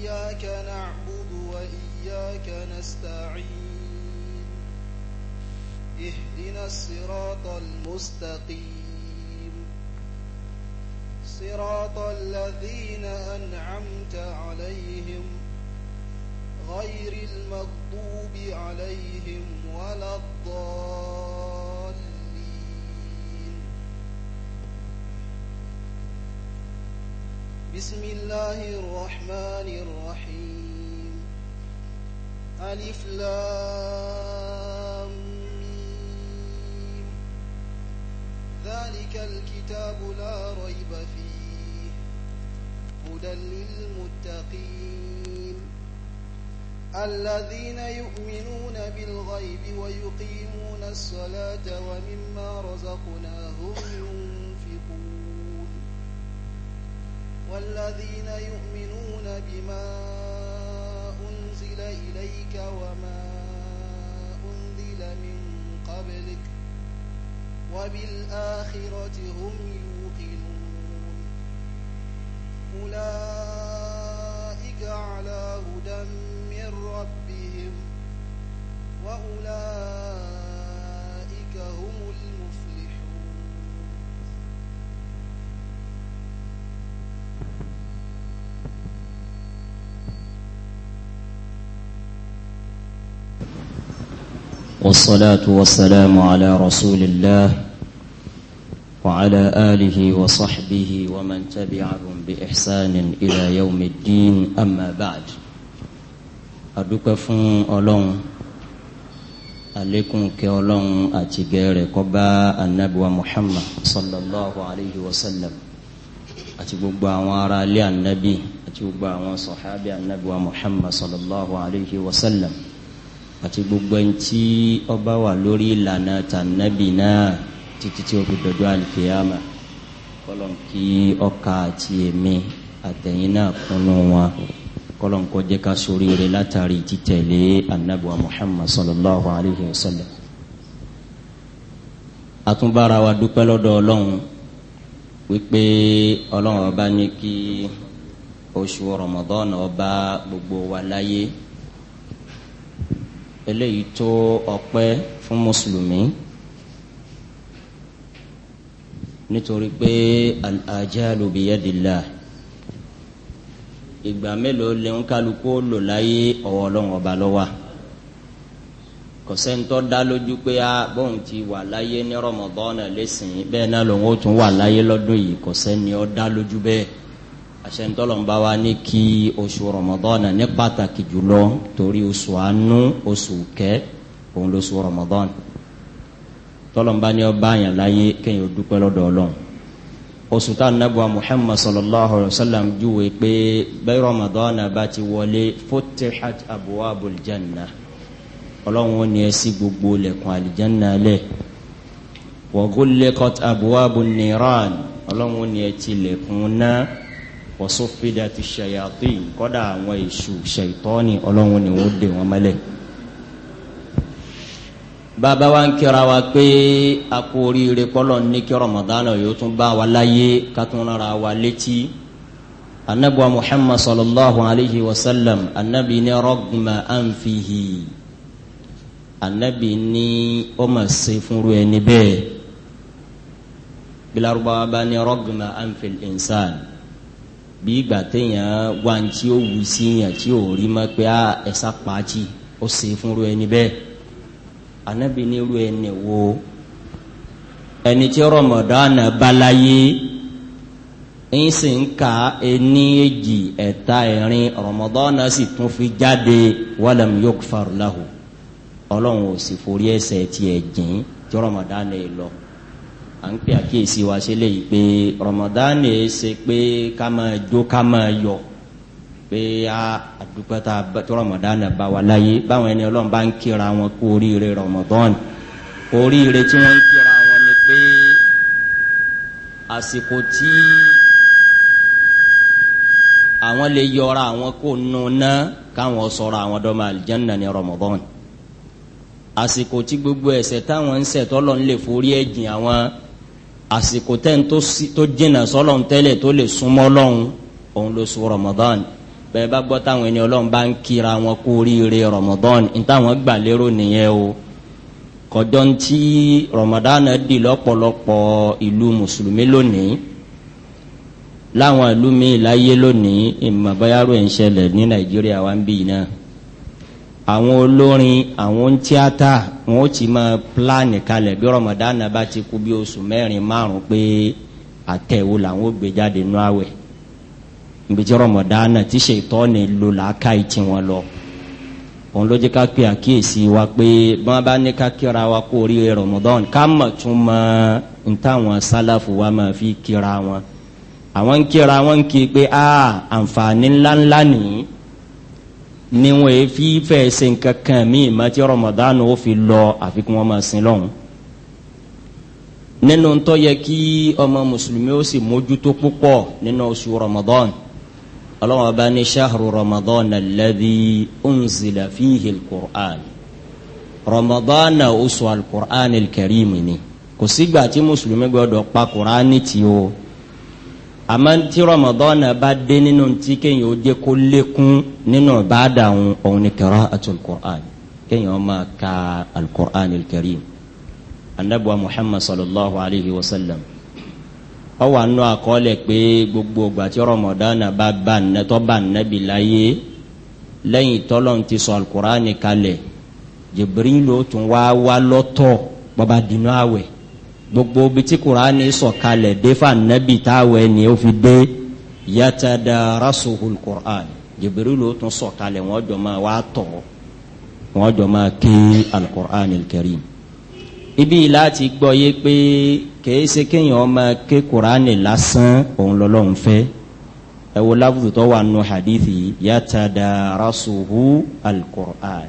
إياك نعبد وإياك نستعين اهدنا الصراط المستقيم صراط الذين أنعمت عليهم غير المغضوب عليهم ولا الضالين بسم الله الرحمن الرحيم ألف لام ميم ذلك الكتاب لا ريب فيه هدى للمتقين الذين يؤمنون بالغيب ويقيمون الصلاة ومما رزقناهم ينفقون والذين يؤمنون بما أنزل إليك وما أنزل من قبلك وبالآخرة هم يوقنون أولئك على هدى من ربهم وأولئك هم المفلحون والصلاة والسلام على رسول الله وعلى آله وصحبه ومن تبعهم بإحسان إلى يوم الدين أما بعد أدوك فن أولون عليكم كأولون أتجاري قبا النبوة محمد صلى الله عليه وسلم àti gbogbo àwọn ará ilé ànábì àti gbogbo àwọn sọ̀hábì ànábì wa àti gbogbo ẹni tí ọba wà lórí ìlànà tànàbì náà títí tí ó fi dọ̀dọ̀ àlìkèyàmà kọlọ̀n kí ọkà àti èmi àtẹ̀yìn náà kúnnú wọn kọlọ̀n kó jẹ́ ká sórí rẹ̀ látàrí títẹ̀lé anábùwà muhammad sallallahu alayhi wa sallam. àtúbára wa dúpẹ́ lọ́dọ̀ ọlọ́run wípé ọlọ́run ọba ní kí oṣù rọmọdọ́nà ọba gbogbo wa láyé eléyìí tó ọpẹ́ fún mùsùlùmí nítorí pé al-ajalu biyadillah ìgbà mélòó lẹ́hún kálukú lò láyé ọwọ́ ọlọ́run ọba lọ́wọ́ kò sẹ́ńtọ́ dá lójú pé a ah, bóun ti wà láyé ní Ramadan lẹ́sìn bẹ́ẹ̀ náà lòun ó tún wà láyé lọ́dún yìí kò sẹ́ni ó dá lójú bẹ́ẹ̀ àṣẹ̀ntọ́lọ́mbà wa ní kí oṣù rọmọdọ́nà ní pàtàkì jùlọ torí oṣù àánú oṣù kẹ́ òun lóṣù rọmọdọ́nà tọ́lọ́mbà ní ọba àyàn láyé kéèyàn dúpẹ́ lọ́dọ̀ ọlọ́run oṣù tá nàbọ̀ muhammad sallallahu alayhi wa sallam júwe pé bẹ́ẹ̀ rọmọdọ́nà bá ti wọlé futihat abwabul janna ọlọ́run ó ní ẹ sí gbogbo lẹ̀kùn àlìjánná lẹ̀ wa ghulliqat abwabun niran ọlọ́run ó ní ẹ ti lẹ̀kùn wọ́sọ́fídà ti ṣayàtì kọ́dà àwọn èṣù ṣètọ́ni ọlọ́run ni wọ́n dè wọ́n mọ́lẹ̀. bàbá wa ń kíra wa pé a kú oríire kọ́lọ̀ ní kí rọmọdánà yóò tún bá wa láyé ká tún rárá wa létí. anabuwa muhammad sallallahu alayhi wa sallam anabi ni rọgùnmá ànfihì anabi ni ó mà ṣe fúnru ẹni bẹ́ẹ̀ bilarubawa bá ní rọgùnmá ànfihì ìnsáni bí ìgbà téèyàn wá ní tí ó wù sí yàn tí ò rí mọ́ pé ẹ̀sà pàtì ó ṣe fúnru ẹni bẹ́ẹ̀ anabi ní irú ẹni wo ẹni tí rọmọdánà balaye ń sì ń ka ẹni èjì ẹ̀ta ẹ̀rin rọmọdánà sì tún fi jáde walam yukfar lahu ọlọ́run ò sì forí ẹ̀ṣẹ̀ tiẹ̀ jìn tí rọmọdánà yìí lọ à ń pè àkíyèsí wa ṣe léyìí pé Ramadan ẹ e ṣe pé ká máa jó ká máa yọ pé a àdúgbòtà tó Ramadan bá wa láyé báwọn ẹni Ọlọ́run bá ń kíra wọn kú oríire Ramadan oríire tí wọ́n ń kíra wọn ni pé àsìkò tí àwọn lè yọra àwọn kò nù káwọn sọ̀rọ̀ àwọn dọ́mọ àlìjánná ní Ramadan àsìkò tí gbogbo ẹ̀ṣẹ̀ táwọn ń ṣẹ̀ tọ́lọ́ ń lè forí ẹ̀jìn àwọn àsìkò tẹ́ni tó jìnnà sọ́lọ́n tẹ́lẹ̀ tó lè súnmọ́ lọ́hùn òun ló sùn Ramadan bẹ́ẹ̀ bá gbọ́ táwọn ẹni ọlọ́run bá ń kíra wọn kú oríire Ramadan ní táwọn gbà lérò nìyẹn o kọjọ́ ń tí Ramadan di lọ́pọ̀lọpọ̀ ìlú mùsùlùmí lónìí láwọn ìlú míì láyé lónìí ìmọ̀báyàrò ń ṣẹlẹ̀ ní Nàìjíríà wa ń bì náà àwọn olórin àwọn tíátà wọn ó ti máa pílánì kalẹ̀ bí rọmọdánà bá ti kú bí oṣù mẹ́rin márùn pé àtẹ̀wò làwọn ó gbé jáde nú àwẹ̀ níbi tí rọmọdánà tí ṣètọ́ni lò làákàyè tiwọn lọ òun ló jẹ́ ká pe àkíyèsí wa pé bí wọ́n bá ní ká kíra wa kó orí rọmọdán ká mọ̀ tún mọ n táwọn sálàfù wa máa fi kíra wọn àwọn ń kíra wọn ń kí pé àǹfààní ńláńlá nìyí ni wọn yẹ fi fẹ́ ṣe nǹkan kan mí mati Ramadan ó fi lọ àfi kí wọ́n máa sin lọ́hùn nínú tó yẹ kí ọmọ mùsùlùmí ó sì mójútó púpọ̀ nínú oṣù Ramadan ọlọ́wọ́n ọba ní shahru Ramadan alladhi unzila fihi al-Qur'an Ramadan oṣù al-Qur'an al-Karim ni kò sígbà tí mùsùlùmí gbọdọ̀ pa Qur'an ní ti o àmọ́ tí rọmọdọ́nà bá dé nínú tí kéèyàn ó jẹ́ kó lékún nínú bàdà òun òun ni qira'atul Qur'an kéèyàn máa ka al-Qur'an al-Karim anabuwa Muhammad sallallahu alayhi wa sallam ó wà nínú àkọọ́lẹ̀ pé gbogbo ìgbà tí rọmọdọ́nà bá bá nẹ́tọ́ bá nẹ́bi láyé lẹ́yìn tọ́lọ́n ti sọ al kalẹ̀ Jibril tún wá wá lọ́tọ̀ bọ́ba dínú àwẹ̀ gbogbo bí tí kuraani sọ̀kalẹ̀ defa nabi táwọn ẹni ó fi dé yatadarasuhul quran jibirilu tún sọ̀kalẹ̀ wọ́n jọ máa wá tọ́ wọ́n jọ máa alukur'an karim ibi láti gbọ́ yé pé kèé ṣe kéèyàn máa ké quran lásán òun lọ́lọ́run fẹ́ ẹ wo lábùtọ́ wà nù hadithi yatadarasuhu alukur'an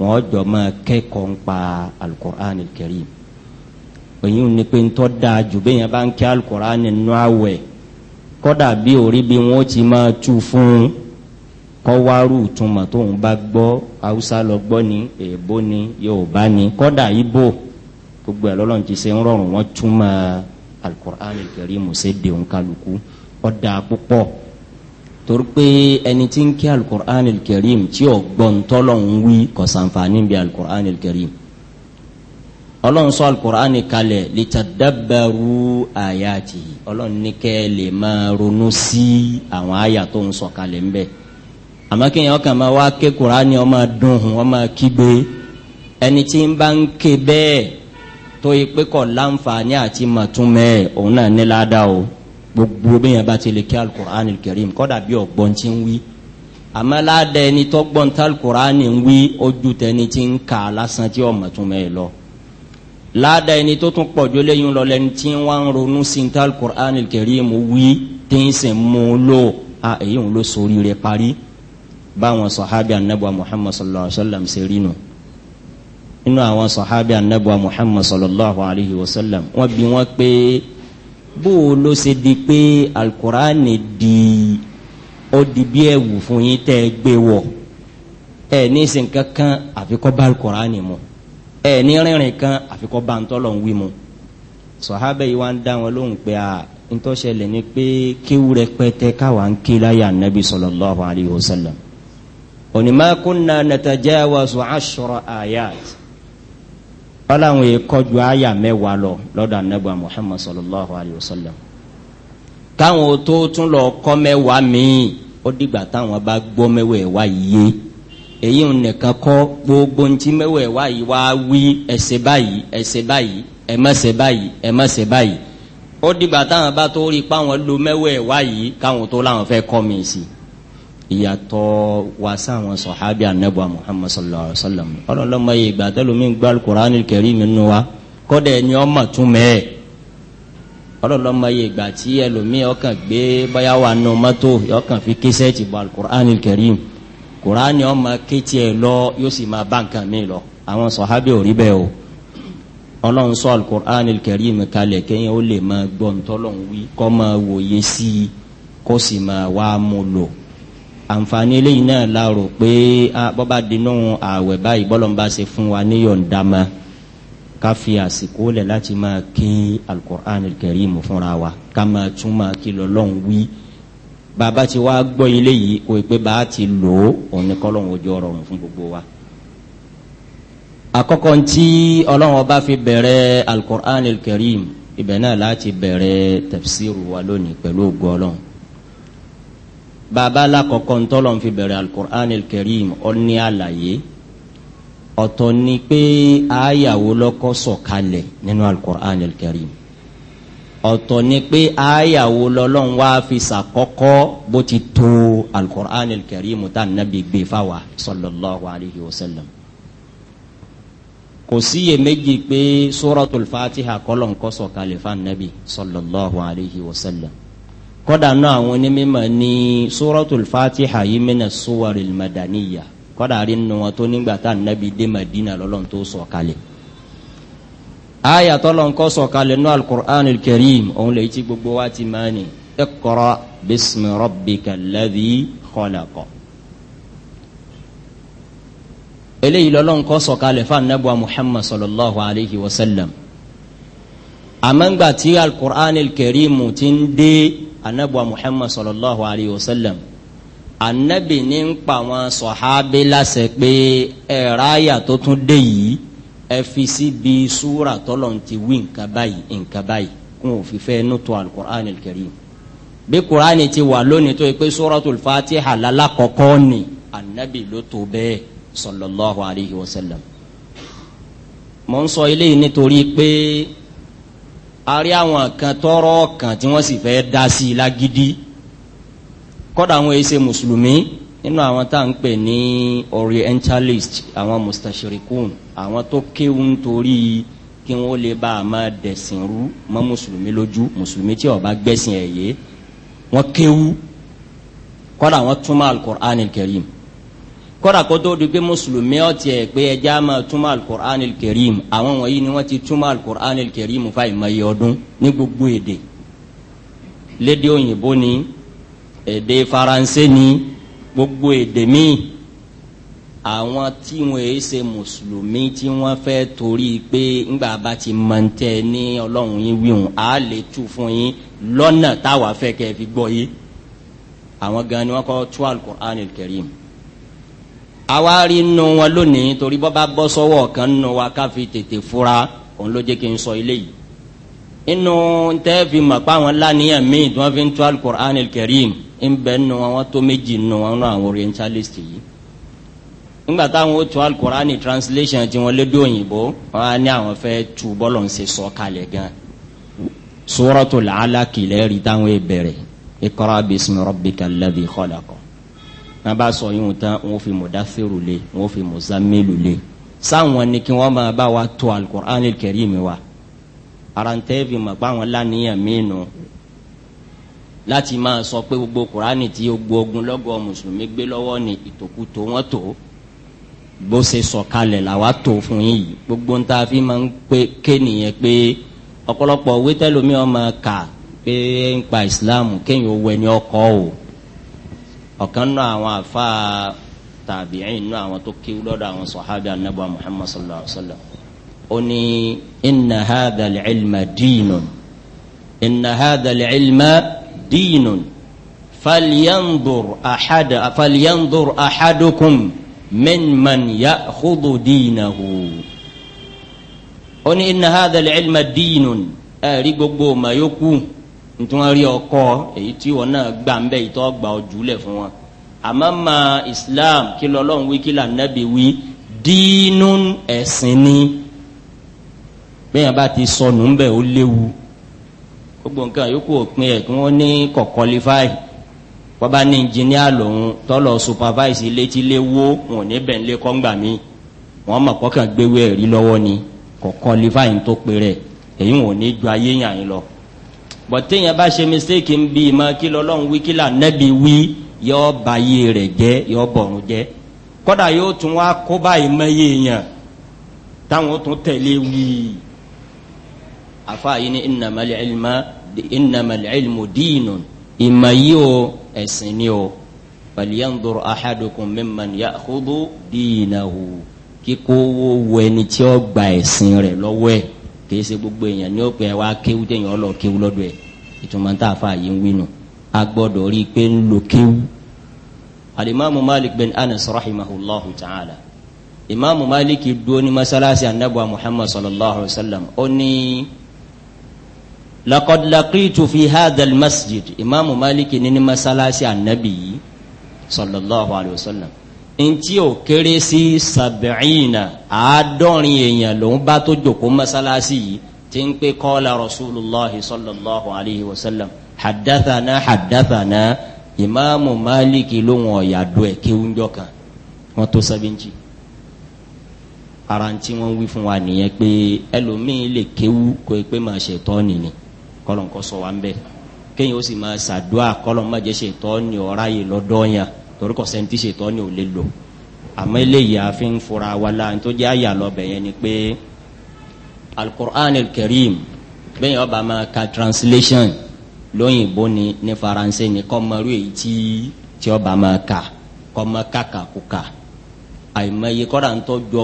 wọ́n jọ máa kẹ́kọ̀ọ́ ń alukur'an karim èyí ò ní pé ń tọ́ da jù bẹ́yẹn bá ń kí alukóra nínú àwẹ̀ kọ́dà bí orí bí wọ́n ti máa tú fún un kọ́ wárú ìtumọ̀ tóun bá gbọ́ haúsá lọ gbọ́ ni èèbó ni yorùbá ni kọ́dà ibo gbogbo ẹ̀ lọ́lọ́run ti ṣe ń rọrùn wọ́n túmọ̀ alukóra nìkẹ́rì mùsẹ̀ dèun kálukú ọ̀dà púpọ̀ torí pé ẹni tí ń kí alukóra nìkẹ́rì tí ò gbọ́ ń tọ́lọ̀ ń wí kọ̀sánfà níbi alukóra nìkẹ́rì mù ọlọ́run sọ alukur'ani kalẹ̀ litadabaru ayati ọlọ́run ní kẹ́ lè máa ronú sí àwọn àyà tó ń sọ kalẹ̀ ń bẹ̀ àmọ́ kí yẹn ọkàn máa wá ké kur'ani ó máa dùn ó máa kígbe ẹni tí ń bá ń ké bẹ́ẹ̀ tó yẹ pé kọ́ láǹfààní àti màtúmẹ́ òun náà ní ládàá o gbogbo bí bá ti lè ké alukur'ani karim kọ́dà bí ọ̀gbọ́n ti ń wí àmọ́ ládàá ẹni tó gbọ́n alukur'ani ń láàdá ẹni tó tún pọ̀jù léyìn lọ lẹni tí wọ́n ń ronú sintal Qur'an al-Karim wí tí ń sìn mú un lò a èyí ń lọ sórí rẹ̀ parí báwọn sọ̀hábì anábọ̀ Muhammad sallallahu alayhi wa sallam ṣe rí nu inú àwọn sọ̀hábì anábọ̀ Muhammad sallallahu alayhi wa sallam wọ́n bi wọ́n pé bó o ló ṣe di pé al-Qur'an di ó di bí ẹ̀wù fún yín tẹ́ ẹ gbé wọ̀ ẹ̀ ní sìn kankan àfikọ́ bá al mu ẹ ní rìnrìn kan àfikọ́ bá ń tọ́lọ̀ ń wí mu sọ̀hábẹ́ yìí wá ń dá wọn lóhùn pé a ntọ́sẹ̀lẹ̀ ni pé kéwú rẹpẹtẹ káwa ń ké láyà nàbí sallallahu alayhi wa sallam onima kunna natajawazu ashra ayat ọlọ́run yìí kọjú àyà mẹ́wàá lọ lọ́dọ̀ anabi muhammad sallallahu alayhi wa sallam káwọn tó tún lọ kọ́ mẹ́wàá míì ó dìgbà táwọn bá gbọ́ mẹ́wàá ẹ̀ èyí ń nìkan kọ́ gbogbo ntí mẹ́wẹ̀ wá yìí wá wí ẹsẹ̀ báyìí ẹsẹ̀ báyìí ẹmẹ́sẹ̀ báyìí ẹmẹ́sẹ̀ báyìí ó dìgbà táwọn bá tó rí páwọn lo mẹ́wẹ̀ wá yìí káwọn tó láwọn fẹ́ kọ́ mi sí ìyàtọ̀ wá sáwọn sọ̀hábíà nẹ́bùà Muhammad sallallahu alayhi wa sallam ọlọ́lọ́mọ yìí ìgbà tẹ́lómi gbá Al-Qur'an al-Karim nínú wa kọ́dẹ̀ ni ọmọ tún mẹ́ẹ̀ ọlọ́lọ́mọ yìí ìgbà tí ẹlòmíì ọkàn gbé báyà wà mọ́tò ọkàn fi kí sẹ́ẹ̀tì bọ̀ Al-Qur'an al kùránì ọmọ kétì ẹ lọ yóò sì máa bá nǹkan mi lọ àwọn sọ̀hábì ò rí bẹ́ẹ̀ o ọlọ́run sọ alukur'an kẹrìm kalẹ̀ kẹ́yìn ó lè máa gbọ́ ntọ́lọ́run wí kọ́ wòye sí kó sì máa wá mú lò àǹfààní eléyìí náà la rò pé bọ́ba dinú ààwẹ̀ báyìí bọ́lọ́mba ṣe fún wa níyọ̀ǹda ma ká fi àsìkò lẹ̀ láti máa kí alukur'an kẹrìm fúnra wa ká máa tún máa wí bàbá ti wá gbọ́ ilé yìí kò pé bá a ti lò ó òun ni kọ́lọ́hún ojú ọ̀rọ̀ ọ̀hún fún gbogbo wa. àkọ́kọ́ ntí ọlọ́run ọba fi bẹ̀rẹ̀ alukur'an karim ibẹ̀ náà láti bẹ̀rẹ̀ tafsiru wa lónìí pẹ̀lú ògùn ọlọ́run. bàbá alákọ̀ọ́kọ́ ntọ́lọ́run fi bẹ̀rẹ̀ alukur'an karim ọ̀ní àlàyé ọ̀tọ̀ ni pé àyàwó lọ́kọ́ sọ̀kalẹ̀ nínú alukur'an karim ọ̀tọ̀ ni pé àyàwó lọ́lọ́run wá fi sàkọ́kọ́ bó ti tó alukur'an karim tá nàbí gbé fáwa sallallahu alayhi wa sallam. kò síye méjì pé suratul fatiha kọ́lọ̀ ń kọ́sọ̀ kalẹ̀ fún anabi sallallahu alayhi wa sallam. kọ́dà náà àwọn onímọ̀ ní suratul fatiha yìí mina suwaril madaniya kọ́dà rí nu wọn tó nígbà tá anabi dé madina lọ́lọ́run tó sọ̀ kalẹ̀ aya tọ́lọ̀ ń kọ́ sọ̀kalẹ̀ ní al-Qur'an al-Karim òun lè ti gbogbo wa ti máa ní iqra bismi rabbika alladhi khalaqa eléyìí lọ́lọ́ ń kọ́ sọ̀kalẹ̀ fún anábọ̀ Muhammad sallallahu alayhi wa sallam àmọ́ngbà tí al al-Karim ti ń dé anábọ̀ Muhammad sallallahu alayhi wa sallam anábì ní ń pa àwọn sọ̀hábí láṣẹ ẹ̀ráyà tó tún dé yìí ẹ fi sí bí súra tọ́lọ̀ ń ti wí nǹkan báyìí nǹkan báyìí kún òfin fẹ́ nútu alukur'an karim bí kur'an ti wà lónìí tó yẹ pé suratul fatiha lálàkọ́kọ́ ni anabi ló tó bẹ́ẹ̀ sallallahu alayhi wa sallam mọ̀ ń sọ eléyìí nítorí pé a rí àwọn kan tọrọ kan tí wọ́n sì fẹ́ dá sí i lágídí kọ́dà àwọn èsè mùsùlùmí nínú àwọn tá à ń pè ní orientalist àwọn mustachirikun àwọn tó kéwù nítorí kí wọ́n lè bá a máa dẹ̀sìn rú mọ́ mùsùlùmí lójú mùsùlùmí tí ó bá gbẹ̀sìn ẹ̀ yé wọ́n kéwù kọ́dà wọ́n túmọ̀ alukur'an kẹrìm kọ́dà kó tó di pé mùsùlùmí ọ̀tí ẹ̀ pé ẹja máa túmọ̀ alukur'an kẹrìm àwọn wọ̀nyí ni wọ́n ti túmọ̀ alukur'an kẹrìm fún àìmọye ọdún ní gbogbo èdè lédè òyìnbó ni èdè faransé ni gbogbo èdè míì àwọn tí wọn èé ṣe mùsùlùmí tí wọn fẹ́ torí pé ńgbà bá ti mọ̀ntẹ́ ní ọlọ́run yín wíhùn á lè tú fún yín lọ́nà táwa fẹ́ kẹ́ fi gbọ́ yìí àwọn gan ni wọn kọ́ tú al-Qur'an al-Karim àwa rí inú wọn lónìí torí bọ́ bá bọ́ sọ́wọ́ kan nù wa ká fi tètè fura òun ló jẹ́ kí n sọ ilé yìí inú tẹ́ fi mọ̀ pé àwọn lánìyàn míì tí wọ́n fi ń tú al-Qur'an al ń bẹ́ẹ̀ nù wọn tó méjì nù wọn nù àwọn orientalist yìí nígbà táwọn ó tún alukurani translation tí wọ́n lédè òyìnbó wọ́n á ní àwọn fẹ́ tu bọ́lọ̀ ń ṣe sọ kalẹ̀ gan Suratul Alaq lẹ́rìí táwọn è bẹ̀rẹ̀ Iqra bismi rabbika alladhi khalaq wọ́n bá sọ yín tán wọ́n fi Mudathiru lé wọ́n fi Muzammilu lé sáwọn ni kí wọ́n máa bá wa tu alukurani kẹrìmì wa arantẹ́ẹ̀fì mọ̀ pé àwọn lánìyàn mí nù láti máa sọ pé gbogbo kurani tí gbogbo ogunlọ́gọ̀ mùsùlùmí gbé lọ́wọ́ ni ìtòkùtò wọn tó bó ṣe sọ̀kalẹ̀ làwa tó fún yìí gbogbo nta fi máa ń pé ké nìyẹn pé ọ̀pọ̀lọpọ̀ wétẹ́lómi ọmọ kà pé ń pa islam kéèyàn owó ẹni ọkọ o ọ̀kan náà àwọn àfa tàbíyìn náà àwọn tó kéwú lọ́dọ̀ àwọn sọ̀hábì anábọ̀ muhammad sallallahu alayhi wa sallam ó ní inna hadha al-ilma diinun inna hadha al-ilma diinun mimman ya'khudhu dinahu ó ní inna hadha al-ilma dinun ẹ̀rí gbogbo mayókù nítorí ọkọ èyí tí wọn náà gbà ń bẹ ìtọ́ gbà ọ jùlẹ̀ fún wọn àmọ́ ma islam kí lọ́lọ́run wí kí là nẹ́bi wí dínún ẹ̀sìn ni bẹ́ẹ̀ bá ti sọnù ń bẹ̀ ó léwu gbogbo nǹkan yòókù òpin ẹ̀ kí wọ́n ní kọ̀kọ́lifáì bọ́bá ní engineer lòun tọ́lọ̀ supervise létí lé wó wọn ò ní bẹ̀ ń lé kọ́ngbà mi wọ́n mọ̀ kọ́kàn gbéwé ẹ̀rí lọ́wọ́ ni kò qualifying tó pé rẹ̀ èyí wọn ò ní ju ayé yàn yín lọ. bọ̀tẹ́yìn bá ṣe mistake ń bí i mọ́ kí lọ́lọ́run wí kí là nẹ́bi wí yọ báyé rẹ̀ jẹ́ yọ bọ̀rùn jẹ́ kọ́dà yóò tún wá kó báyìí mẹ́yẹ yàn táwọn tún tẹ̀lé wí. àfa yìí ni innamal ilma innamal ilmu dinun ìmọ̀ yìí o ẹ̀sìn ni o falyanzur ahadukum mimman ya'khudhu dinahu kíkó owó wo ẹni tí ó gba ẹ̀sìn rẹ̀ lọ́wọ́ ẹ̀ kì í ṣe gbogbo èèyàn ní òpin ẹ̀ wá kéwú téèyàn ọ lọ kéwú lọ́dọ̀ ẹ̀ ìtumọ̀ tá a fa yìí ń wínú a gbọ́dọ̀ rí i pé ń lo kéwú. alimami malik bin anas rahimahullahu ta'ala imaamu malik dúró ní masalasi anabu muhammad sallallahu alayhi wa sallam ó ní laqad laqitu fi hadha almasjid imaamu maliki nínú masalasi anabi sallallahu alayhi wa sallam ntí o kéré sí sab'ina àádọ́rin èèyàn ló ń bá tó jòkó masalasi yìí tí ń pé qala rasulillahi sallallahu alayhi wa sallam haddathana haddathana imaamu maliki ló ń ọ̀yà do ẹ̀ kéwúnjọ kan wọ́n tó sẹ́bíǹtì ara wa nìyẹn pé ẹlòmíín lè kéwú kó e pé màá ṣètọ́ nìyẹn kọlọ̀ nǹkan sọ wa ń bẹ̀ kéèyàn ó sì máa ṣàdúà kọlọ̀ má jẹ́ ṣètọ́ ni ọ̀rá yìí lọ́dọ́ yẹn torí kọ̀ sẹ́ni tí ṣètọ́ ni ò lè lò àmọ́ eléyìí àfi ń fura wa la ní tó jẹ́ àyà yẹn ni pé alukur'an karim bẹ́ẹ̀ ọba máa ka translation lóyìnbó ni ní faransé ni kọ́mọrú èyí tí tí ọba máa ka kọ́mọ kàkàkùkà àìmọye kọ́ra ń tọ́jú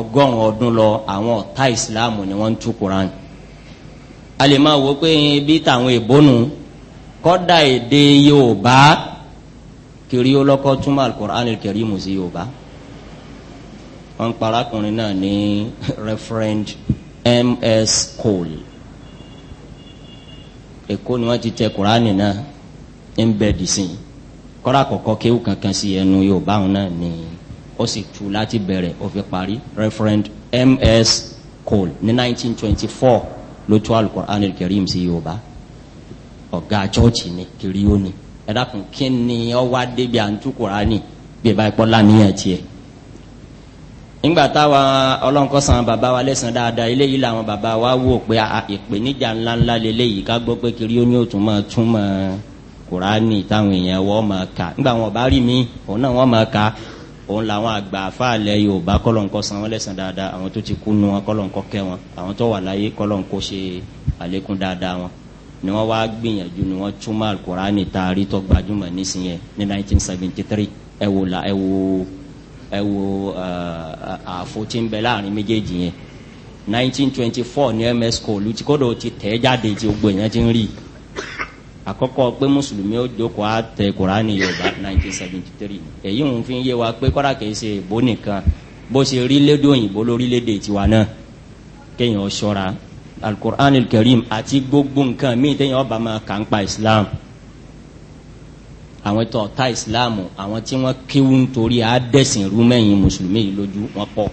ọgọ́rùn-ún ọdún lọ àwọn ọ̀tá ìsìláàmù ni wọ́n ń tú a lè máa wò pé bí tàwọn ìbónú kọ́dà èdè yorùbá kiri olókọ́ túmọ̀ alukur'an kẹrìmù sí yorùbá wọn parakùnrin náà ní referent ms cole èkó ni wọn ti tẹ kur'ani náà ń bẹ dìsín kọ́ra kọ̀kọ́ kéwù kankan sí ẹnu yorùbá òun náà ní ó sì tu láti bẹ̀rẹ̀ ó parí referent ms cole ní 1924 ló tú alukur'an kẹrìm sí yorùbá ọ̀gá chọ́ọ̀chì ni kiri ó ni ẹ dákun kí débi àǹtú kur'ani bí ẹ bá pọ́ lánìyàn tiẹ̀ nígbà táwa ọlọ́nkọ́sán bàbá wa lẹ́sàn dáadáa eléyìí làwọn bàbá wa wò pé ìpèníjà ńláńlá lélẹ́yìí ká gbọ́ pé kiri ó òtún máa tún máa kur'ani táwọn èèyàn wọ́n máa kà nígbà wọn bá rí mi òun náà wọ́n máa kà òun làwọn àgbà àfàlẹ yorùbá kọlọńkọ san wọn lẹsàn dáadáa àwọn tó ti kú nu wọn kọlọńkọ kẹ wọn àwọn tó wà láyé kọlọńkọ ṣe àlékún dáadáa wọn ni wọn wá gbìyànjú ni wọn túmọ̀ alukurani taari tó gbajúmọ̀ nísìnyẹ ní nineteen seventy three ẹ wò la ẹ wò ẹ wò ààfo uh, tí ń bẹ láàrin méjèèjì yẹn nineteen twenty four ní ms kò tí kò dò ti tẹ̀ jáde tí gbogbo yẹn ti ń rí i àkọ́kọ́ pé mùsùlùmí ó jókòó á tẹ kuraani yorùbá nineteen seventy three èyí ń fi yé wa pé kọ́ra kìí ṣe ìbò nìkan bó ṣe rí lédè òyìnbó lórílẹ̀‐èdè tiwa náà kéèyàn ṣọ́ra alukur'an karim àti gbogbo nǹkan míì téèyàn ọba máa kà ń pa islam àwọn tó ta islam àwọn tí wọ́n kéwú nítorí àádẹ́sìn rúmẹ́yìn mùsùlùmí yìí lójú wọn pọ̀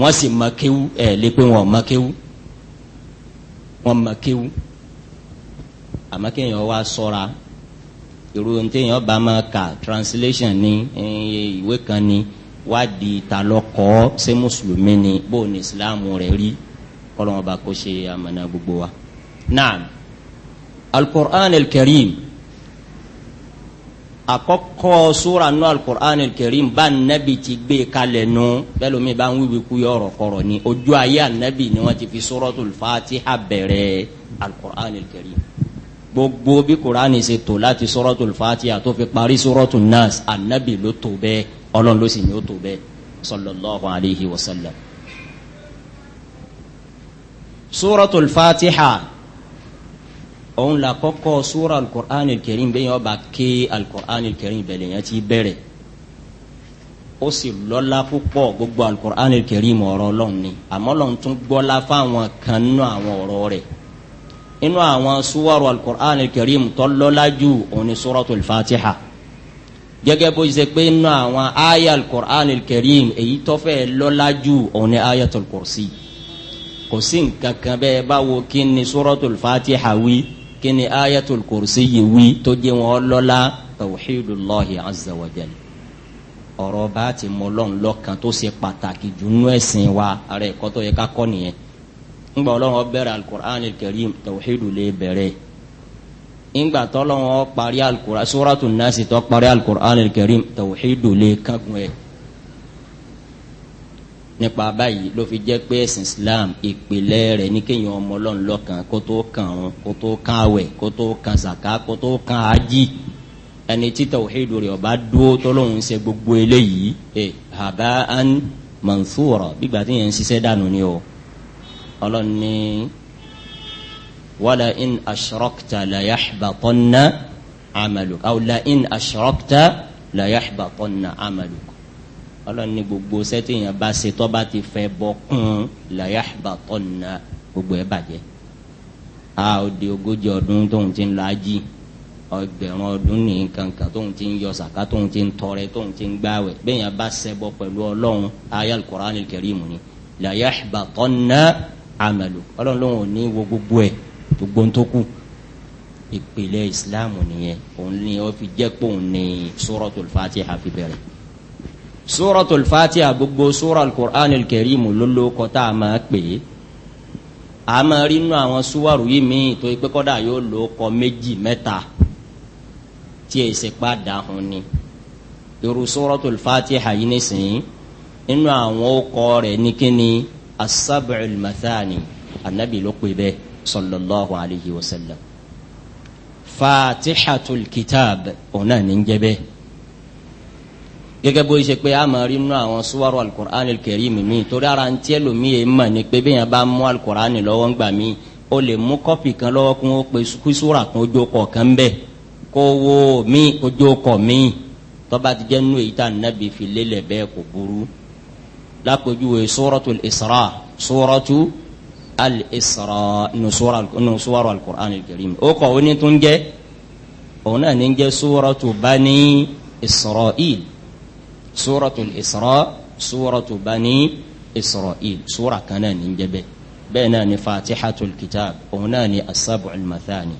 wọ́n sì mọ kéwú ẹ̀ lé pé wọn mọ kéwú wọ́n mọ kéwú àmọ́ kéèyàn wá sọ́ra irú ohun téèyàn bá máa kà translation ní ìwé kan ní wádìí ta ló kọ ọ́ ṣé mùsùlùmí ni bó ní ìsìláàmù rẹ̀ rí kọ́lọ́mọ bá kó ṣe àmàna gbogbo wa. naam al-Qur'an al-Karim àkọ́kọ́ sura nu al-Qur'an al-Karim bá nabi ti gbé kalẹ̀ nu bẹ́ẹ̀ lómi bá ń wíwí kú yọ̀rọ̀ kọ̀rọ̀ ni ojú ayé anabi ni wọ́n ti fi suratul Fatiha bẹ̀rẹ̀ al-Qur'an al-Karim gbogbo bí kuraani ṣe tó láti suratul Fatiha tó fi parí suratul Nas anabi ló tó bẹ́ẹ̀ ọlọ́run ló sì ní ó tó bẹ́ẹ̀ sallallahu alayhi wa sallam. suratul Fatiha òun la kọ́kọ́ sura al-Qur'an al-Karim bẹ́ẹ̀ yẹn ọba ké al-Qur'an al-Karim bẹ́ẹ̀ yẹn ti bẹ̀rẹ̀ ó sì lọ́lá púpọ̀ gbogbo al-Qur'an al-Karim ọ̀rọ̀ ni àmọ́ ọlọ́run tún gbọ́lá fáwọn kan nínú àwọn ọ̀rọ̀ rẹ̀ inú àwọn suwaru alukur'an kẹrìm tọ́lọ́lájú òun ni suratul fatiha gẹ́gẹ́ bó ṣe pé inú àwọn aya alukur'an kẹrìm èyí tọ́fẹ́ lọ́lájú òun ni ayatul kursi kò sí nǹkan kan bẹ́ẹ̀ báwo kí ni suratul fatiha wí kí ni ayatul kursi yìí wí tó jẹ́ wọn lọ́lá tawhidullahi azza wa bá ti mọ lọ́n lọ́kan tó ṣe pàtàkì jù nú ẹ̀sìn wa ara ẹ̀kọ́ yẹ ká kọ́ nìyẹn ńgbà ọlọ́run bẹ̀rẹ̀ alukur'an karim tawhidu lè bẹ̀rẹ̀ ńgbà tọ́lọ́run parí alukur'an suratu nasi tó parí alukur'an karim tawhidu lè kagun ẹ̀ nípa báyìí ló fi jẹ́ pé ẹ̀sìn islam ìpìlẹ̀ rẹ̀ ní kéèyàn ọmọ ọlọ́run lọ́kàn kó tó kàn án kó tó kàn àwẹ̀ kó tó kàn zaka kó tó kàn ájì ẹni tí tawhidu rẹ̀ ọba dúró tọ́lọ́run ṣe gbogbo eléyìí ẹ̀ eh, haba an mansura bí gbàtí yẹn ń ọlọ́ni wala in ashrokta la yaxbatonna amaluk aw la in ashrokta la yaxbatonna amaluk ọlọ́ni gbogbo sẹ́tì yẹn bá ṣe tọ́ bá ti fẹ́ bọ́ kún la yaxbatonna gbogbo ẹ̀ bàjẹ́ a ò di ogójì ọdún tóun ti ń lají ọgbẹ̀rún ọdún ní kankan tóun ti ń yọ sàká tóun ti ń tọrẹ tóun ti ń gbàwẹ̀ bẹ́ẹ̀ yẹn bá ṣẹbọ pẹ̀lú ọlọ́run ayé al-Qur'an ni la yaxbatonna amaluk amalu ọlọ́run ló ń ní wo gbogbo ẹ̀ gbogbo tó kù ìpìlẹ̀ islam nìyẹn òun ni ó fi jẹ́ pé òun ni suratul fatiha fi bẹ̀rẹ̀ suratul fatiha gbogbo sura al-Qur'an al-Karim lolo kọta a máa pè é a máa rí inú àwọn suwaru yìí míì tó yẹ pé kọ́dà yóò lò kọ méjì mẹ́ta tí ẹ̀ ṣe padà hàn ni irú suratul fatiha yìí inú àwọn ó kọ rẹ̀ ní kíni asab'ul mathani anabi ló pe bẹ́ẹ̀ sallallahu alayhi wa sallam fatihatul kitab ọ̀nà ní jẹ́ bẹ́ẹ̀ gẹ́gẹ́ bó ṣe pé a máa rí nínú àwọn suwaru alukur'an kẹrìm mi torí ara ń tiẹ́ lomi yẹn mà ní pé bẹ́ẹ̀ yẹn bá mú alukur'an lọ́wọ́ ń gbà mí o lè mú kọ́pì kan lọ́wọ́ kó o pe kísúra kan ojú kọ̀ kan bẹ́ẹ̀ kó wo mi ojú kọ̀ mi tó ti jẹ́ nínú èyí tá a fi lélẹ̀ bẹ́ẹ̀ kò burú lápèjúwe sórọ́tù ìsra sórọ́tù al-isra nù sórọ́ al-Qur'an al-Karim ó kọ̀ ó ní tún jẹ́ òun náà ní jẹ́ sórọ́tù bani Isra'il sórọ́tù al-isra sórọ́tù bani Isra'il sóra kan náà ní jẹ́ bẹ́ẹ̀ bẹ́ẹ̀ náà ni fatihatul kitab òun náà ni asabu al-mathani.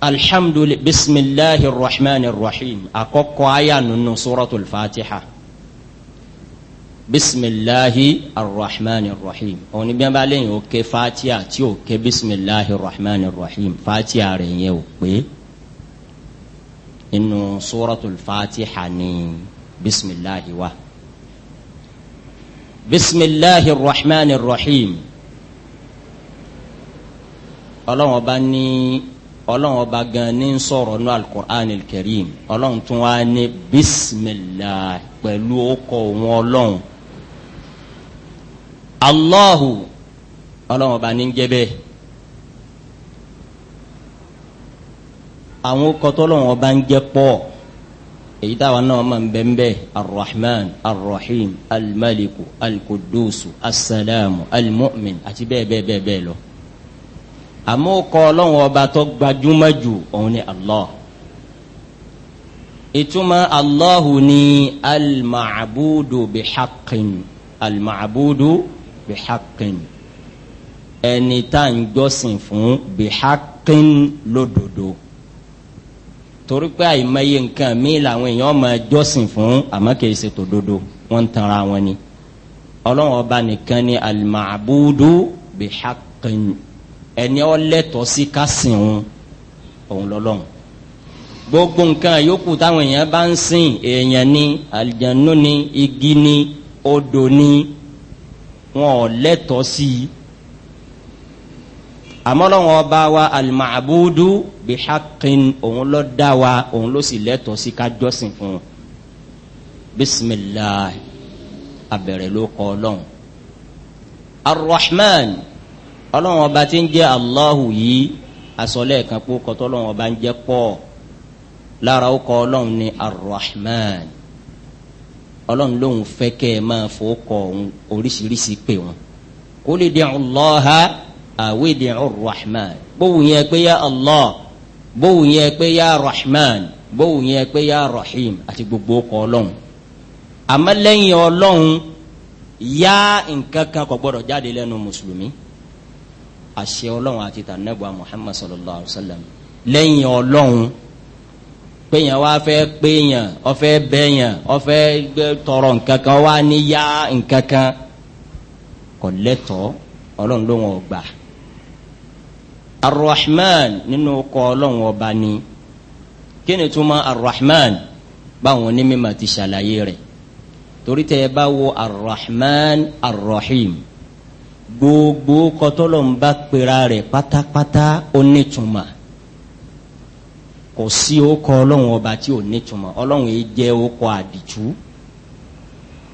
alhamdulilayi bisimilahi rahmanir rahim àkọ́kọ́ aya nunu sórọ́tù al-fatiha bisimilahi arrahmani rahim òun ni bí wọn bá lẹ́yìn o ké fatia tí o ké bisimilahi arrahmani rahim fatia rẹ yẹn o pé inú suratul fatiha ni bisimilahi wa bisimilahi arrahmani rahim ọlọ́wọ́n bá ní ọlọ́run ọba gan ní sọ̀rọ̀ ní alukur'an karim ọlọ́run tún wá ní bisimilah pẹ̀lú ọkọ̀ òun ọlọ́run Allahu ọlọ́run ọba ní ń jẹ́ bẹ́ẹ̀ àwọn kọtọ́lọ́run ọba ń jẹ́ pọ̀ èyí táwọn náà máa ń bẹ́ ń bẹ́ arrahman arrahim almaliku alkudusu asalamu almu'min àti bẹ́ẹ̀ bẹ́ẹ̀ bẹ́ẹ̀ bẹ́ẹ̀ lọ àmọ́ kọ ọlọ́run ọba tó gbajúmọ̀ òun ni Allah ìtumọ̀ Allahu ni almaabudu bihaqqin almaabudu bihaqqin bihaqqin ẹni tá à ń jọ́sìn fún bihaqqin lódodo torí pé àìmọye nǹkan míì làwọn èèyàn máa jọ́sìn fún àmọ́ kì í ṣe tòdodo wọ́n ń tanra wọn ni ọlọ́run ọba nìkan ni al-ma'budu bihaqqin ẹni ó sí ká sìn òun òun gbogbo nǹkan yòókù táwọn èèyàn bá ń sìn èèyàn ni àlìjànú ni igi ni odò ni wọn ò lẹ́tọ̀ọ́ sí i àmọ́lọ́wọ́n ọba wa alimabudu bihakin òun ló dá wa òun ló sì lẹ́tọ̀ọ́ sí ká jọ́sìn fún un bisimilahi abẹ̀rẹ̀ ló kọ́ ọlọ́run arrahman ọlọ́run ọba tí ń jẹ́ allahu yìí asọ́lẹ̀ kan pé kọ́tọ́ ń jẹ́ pọ̀ lára ó kọ́ ọlọ́run ní arrahman ọlọ́run lòun fẹ́ kẹ́ ẹ máa fọ́kọ̀ oríṣiríṣi pè wọn. qul ud'u Allaha aw ud'u Rahman bówù yẹn pé ya Allah bówù yẹn pé ya Rahman bówù yẹn pé ya Rahim àti gbogbo ọkọ̀ ọlọ́run. àmọ́ lẹ́yìn ọlọ́run yá nǹkan kan kò gbọ́dọ̀ jáde lẹ́nu mùsùlùmí àṣẹ ọlọ́run àti tànẹ́bù Muhammad sallallahu alaihi wasallam lẹ́yìn ọlọ́run péyàn wa fẹ́ péyàn ọfẹ́ bẹ́yàn ọfẹ́ tọrọ nǹkan wa ni ya nǹkan kan kò lẹ́tọ̀ọ́ ọlọ́run ló wọn gbà arrahman nínú kọ ọlọ́run ọba ni kí ni túmọ̀ arrahman báwọn onímọ̀ ti ṣàlàyé rẹ̀ torí tẹ ẹ bá wo arrahman arrahim gbogbo kọtọ́lọ́n bá pera pátápátá ó kò sí orúkọ ọlọ́run ọba tí ò nítumọ̀ ọlọ́run yìí jẹ́ orúkọ àdìtú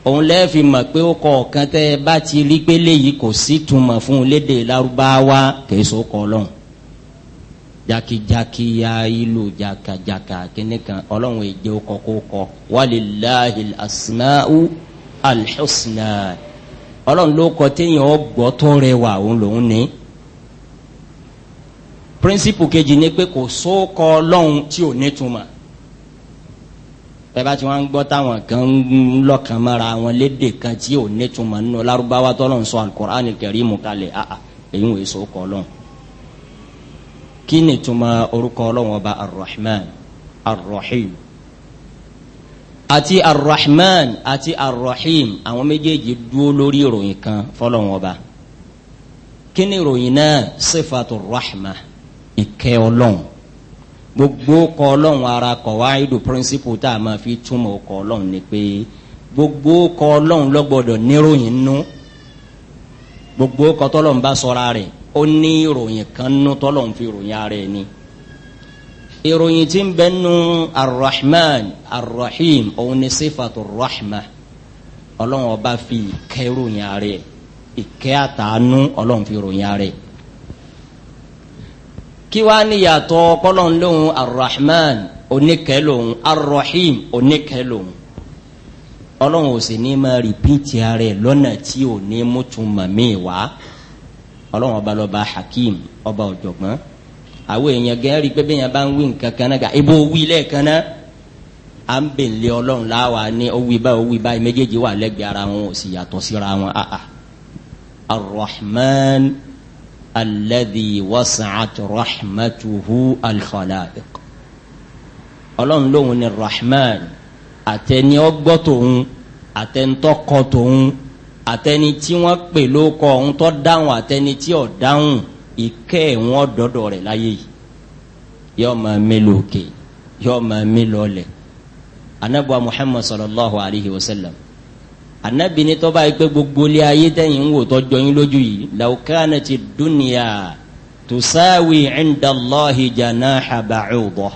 òun lẹ́ẹ̀ fi mọ̀ pé orúkọ ọ̀kan tẹ́ ẹ bá ti rí pé léyìí kò sí túmọ̀ fún un léde lárúbáwá kìí sọ orúkọ ọlọ́run jakijaki ya ilu jakajaka kìnìkan ọlọ́run yìí jẹ́ orúkọ kókọ walillahil asma'u alhusna ọlọ́run ló kọ téèyàn ọgbọ́ tó rẹwà òun lòún ní píríncípù kejì ni pé kò sókọ ọlọ́run tí ò nítumọ̀ bẹ́ẹ̀ bá ti wọ́n ń gbọ́ táwọn kan ń lọ́kàn mọ́ra àwọn léde kan tí ò nítumọ̀ nínú lárúbáwá tọ́lọ́run sọ alukur'an kẹrìm kalẹ̀ àà èyí wòye sókọ ọlọ́run kí ni ìtumọ̀ orúkọ ọlọ́run ọba arrahman arrahim àti arrahman àti arrahim àwọn méjèèjì dúró lórí ìròyìn kan fọlọ́run ọba kí ni ìròyìn náà sífàtò rahman ìkẹ́ ọlọ́run gbogbo kọ ọlọ́run ara kọ̀ wá ìdù principle tá a máa fi túmọ̀ kọ ọlọ́run ni pé gbogbo kọ ọlọ́run lọ́gbọ́dọ̀ níròyìn nú gbogbo kọ tọ́lọ́run bá sọra rẹ̀ ó ní ìròyìn kan nú tọ́lọ́run fi ròyìn ara ẹ̀ ni ìròyìn tí ń bẹ nú arrahman arrahim òun ni sífàtò rahma ọlọ́run ọba fi ìkẹ́ ròyìn ara ẹ̀ ìkẹ́ àtàánú ọlọ́run fi ròyìn ara ẹ̀ kí wá níyàtọ̀ pọ́lọ́n lóhun arrahman oníkẹ́ lóhun arrahim oníkẹ́ lóhun ọlọ́run ò sì ní máa rìpíìtì ara ẹ̀ lọ́nà tí ò ní mútùmọ̀ míì wá ọlọ́run ọba lọ́ba hakim ọba ọ̀jọ̀gbọ́n àwọn èèyàn gẹ́rì pé bẹ́ẹ̀ yẹn bá ń wí nǹkan kan náà ibo wí lẹ́ẹ̀kan náà à ń bèlè ọlọ́run láwa ní owí báyìí owí báyìí méjèèjì wà lẹ́gbẹ̀ẹ́ ara wọn ò sì yàtọ̀ síra wọn àà arrahman alẹ́dì wàsàcàt rahmatuhu alkhalaiq ọlọ́run lóhun ni rahman àtẹni ọgbọ́ tòun àtẹnitọ́kọ tòun àtẹni tí wọ́n pè lóko ọ̀hún tó dáhùn àtẹni tí ò dáhùn ìkẹ́ wọn dọ́dọ̀ rẹ̀ láyé yìí yóò máa mí lókè yóò máa mí lọ́lẹ̀ anábọ̀ muhammad sallallahu alayhi wa sallam anabi ni tọba yi pé gbogbo ilé ayé tẹ̀yìn ń wò tọ́jọ́ yín lójú yìí làwùkánà ti dúnìyà tùsáwì ẹ̀ńdàlọ́hì jàná àbàcùbọ̀.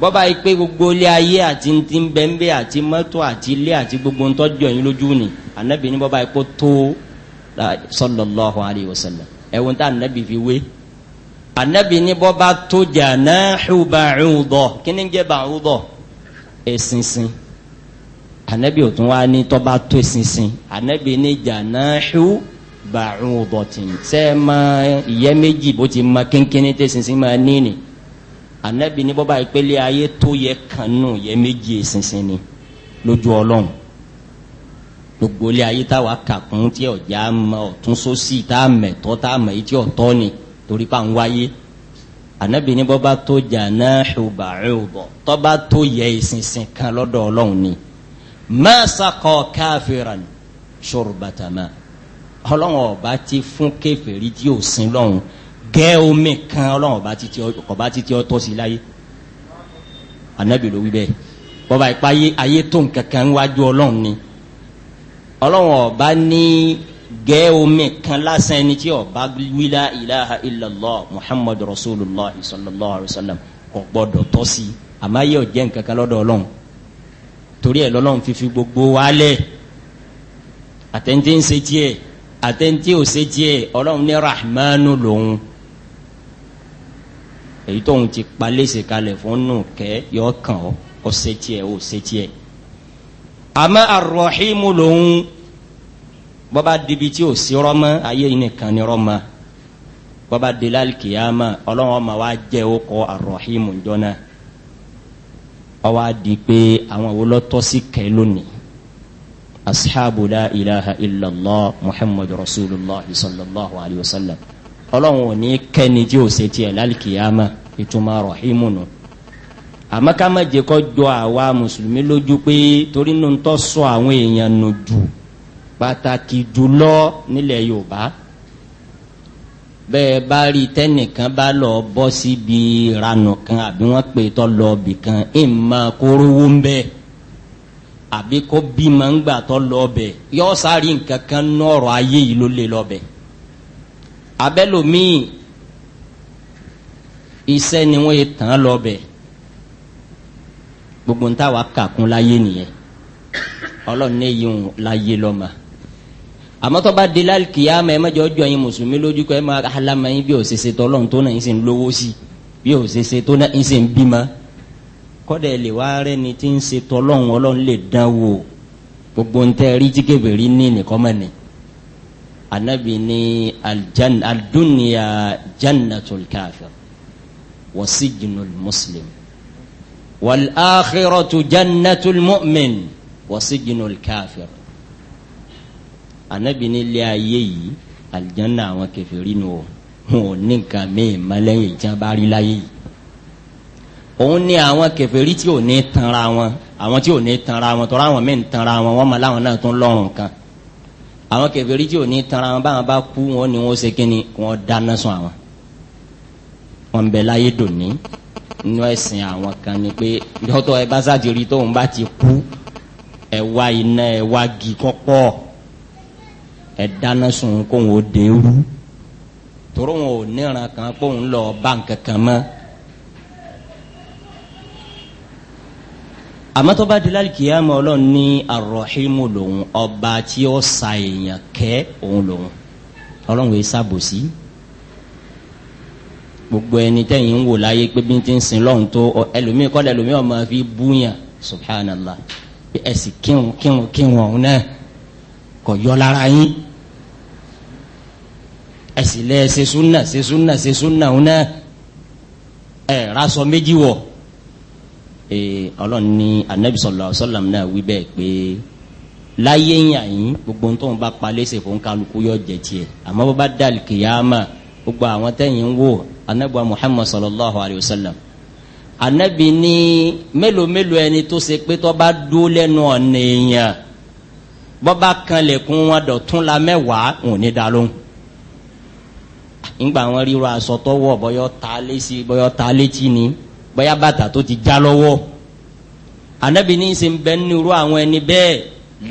bọ́ba yi pé gbogbo ilé ayé àti ti ń bẹ́ńbẹ́ àti mọ́tò àti ilé àti gbogbo ń tọ́jọ́ yín lójú ni anabi ni bọ́ba yi kó tó sallallahu alayhi wa sallam ẹ̀wọ̀n tá anabi fi wé anabi ni bọ́ba tó jàná àbàcùbọ̀ kí ni jẹ́ bàcùbọ̀ E anabi ò tún wá ní tọ́ba tó sinsin anabi ní janahu ba'udatin sẹ́ ẹ ma ìyẹ́ méjì bó ti ma kínkínní tẹ́ sinsin ma níní anabi ní bọ́ba ìpele ayé tó yẹ kànú ìyẹ́ méjì sinsin ni lójú ọlọ́run gbogbo ilé ayé táwa kàkún tí ọjà ma ọ̀tún sósì tá a mẹ̀tọ́ tá a mẹ̀ yìí tí ọ̀tọ́ ni torí pa ń wáyé anabi ní bọ́ba tó janahu ba'udatin tọ́ba tó yẹ ìsinsin kan lọ́dọ̀ ọlọ́run ni ma saqa kafiran ṣorbatama ọlọ́run ọba ti fún kèfèrí tí ó sin lọ́hùn gẹ́ omi kan ọlọ́run ọba títí ọba títí ọtọ́ sí láyé anabi ló wí bẹ́ẹ̀ bọ́ba ìpa ayé tó nǹkan wájú ọlọ́run ni ọlọ́run ọba ní gẹ́ omi kan lásán ẹni tí ọba wíla ilaha illallah muhammadu rasulillah sallallahu alayhi wa sallam kò gbọdọ̀ tọ́ sí àmọ́ ayé ọ̀jẹ̀ nǹkan lọ́dọ̀ ọlọ́run torí ẹ̀ lọ́lọ́run fífi gbogbo wálẹ̀ àtẹ̀ntẹ̀ ń ṣe tiẹ̀ àtẹ̀ntẹ̀ ò ṣe tiẹ̀ ọlọ́run ní rahmanu lòun èyí tóun ti palẹ́sẹ̀ kalẹ̀ fún nù kẹ́ yọ kàn ọ́ ọ ṣe tiẹ̀ ò ṣe tiẹ̀ àmọ́ arọ̀hìmù lòun bọ́ba dibi tí ò sí rọ́mọ́ ayé yìí nìkan ni rọ́mọ́ bọ́ba delal kìyàmà ọlọ́run ọmọ wa jẹ́ ó kọ́ arọ̀hìmù jọ́nà ọwọ́ adi pé àwọn wo lọ́tọ́ sí kẹ́ lónìí ashabu la ilaha illallah muhammadu rasulillah sallallahu alayhi wa sallam ọlọ́run ò ní kẹ́ni tí o ṣe tiẹ̀ lálkìyàmá ìtumọ̀ rahimu nù àmọ́ ká má jẹ́ kó jọ àwa mùsùlùmí lójú pé torí nù ń tọ́ sọ àwọn èèyàn nù jù pàtàkì jùlọ nílẹ̀ yorùbá bẹ́ẹ̀ bá rí tẹ́nìkan bá lọ bọ́ síbi ranù kan àbí wọ́n pè tọ́ lọ bì kan ẹ̀ máa kórówó ń bẹ́ẹ̀ àbí kó bí máa ń gbà tọ́ lọ bẹ̀ yọ sáré nǹkan kan nọ̀rọ̀ ayé yìí ló lè lọ bẹ̀ abẹ́lòmíì iṣẹ́ ni wọ́n tàn lọ bẹ̀ gbogbo ń táwa kàkún láyé nìyẹn ọlọ́run ní yìí ń láyé lọ́mọ àmọ́ tó bá di lálùkìyà mẹ́ ẹ mẹ́jọ jọ yín mùsùlùmí lójú kọ́ ẹ máa halama yín bí òṣèṣe tọ́ lọ́n tó náà ń sìn lówó sí bí òṣèṣe tó náà ń sìn bímọ. kọ́dẹ̀ lè wá rẹ́ ni tí ń ṣe tọ́ lọ́hùn ọlọ́run lè dán wò gbogbo ń tẹ́ rí tí kébèrè ní nìkan mọ̀ ni. anabi ni aljannaduniya jannatul kafir wasijinul muslim wal akhiratu jannatul mu'min wasijinul kafir anabi ní ilé ayé yìí alijanna àwọn kẹfìrí nu o wọn ò ní nǹkan míì mọlẹ́yìn ìjà bá rí láyé yìí òun ní àwọn kẹfìrí tí ò ní tanra wọn àwọn tí ò ní tanra wọn tọ́ra àwọn míì ń tanra wọn wọ́n mọ láwọn náà tún lọ́rùn kan àwọn kẹfìrí tí ò ní tanra wọn báwọn bá kú wọn ni wọn ṣe kíni wọn dáná sun àwọn wọn bẹ láyé dòní inú ẹ̀sìn àwọn kan ni pé yọtọ̀ ẹ bá sáà ti rí tóun bá ti kú ẹ wá iná ẹ wá gi kọ́pọ́. ẹ dáná sun rú tóró wọn ò níran kan kóun lọ bá nkankan mọ́. tó bá di lálùkìyàmọ́ ní arọ́hímù lòun ọba tí ó sa èèyàn kẹ́ òun lòun gbogbo ń wò láyé ń sin tó fi subhanallah ẹ̀sìlẹ̀ ṣe súnà ṣe súnà ṣe súnà òun náà ẹ̀ raṣọ méjì wọ̀ ee ọlọ́run ní anabi sọlọ sọlọm náà wí bẹ́ẹ̀ pé láyé yàn yín gbogbo ń bá palẹ̀ ṣe fún kálukú yọ jẹ tiẹ̀ àmọ́ bá dàlù kìyàmà gbogbo àwọn tẹ̀yìn ń wò anabi muhammad sallallahu alayhi wa sallam anabi ní mélòó mélòó ẹni tó ṣe pé tó bá dúró lẹ́nu ọ̀nà èèyàn bó bá kan lẹ̀kùn wọn dọ̀tún la mẹ́wàá wọn ò ńgbà wọn ríro aṣọ tó wọ̀ bọ́yọ́ ta létí bọ́yọ́ ta létí ni bọ́yá bàtà tó ti já lọ́wọ́ anabi ní sin bẹ́ẹ̀ ní irú àwọn ẹni bẹ́ẹ̀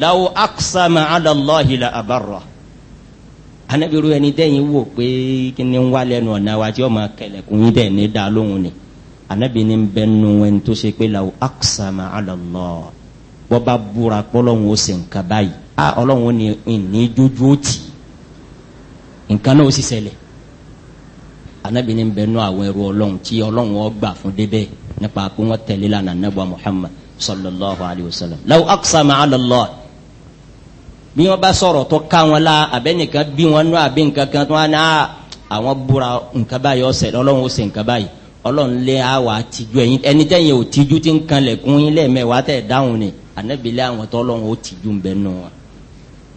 law aqsama ala Allahi la abarra anabi irú ẹni dẹ́yìn wò pé kí ni ń wá lẹ́nu ọ̀nà wa tí ó máa kẹlẹ̀kùn yín dẹ̀ ni anabi ní bẹ́ẹ̀ nu ẹni tó ṣe pé law aqsama ala Allah wọ́n bá búra pọ́lọ́hún ó sì nǹkan báyìí a ah, ọlọ́hún ni ìní jójú ó tì nǹkan náà anabi ni bẹ nù àwọn ẹrú ọlọ́run tí ọlọ́run wọn gbà fún débẹ̀ nípa pé wọ́n tẹ̀lé lànà nàbọ̀ muhammad sallallahu alayhi wa sallam law aqsama ala Allah bí wọ́n bá sọ̀rọ̀ tó ká wọn la àbẹ́nìkan bí wọ́n nù àbí nǹkan kan tó wọn náà ah, àwọn búra nǹkan báyìí ọ̀sẹ̀ ọlọ́run ó ṣe nǹkan báyìí ọlọ́run lé àwà ah, tìjú ẹ̀yin ẹni tẹ́yìn ò tìjú ti ń kanlẹ̀ kún yín lẹ́ẹ̀mẹ́wàá tẹ̀ dáhùn ni ànábì lé àwọn tọ́lọ́run ó tìjú ń bẹ nù wọn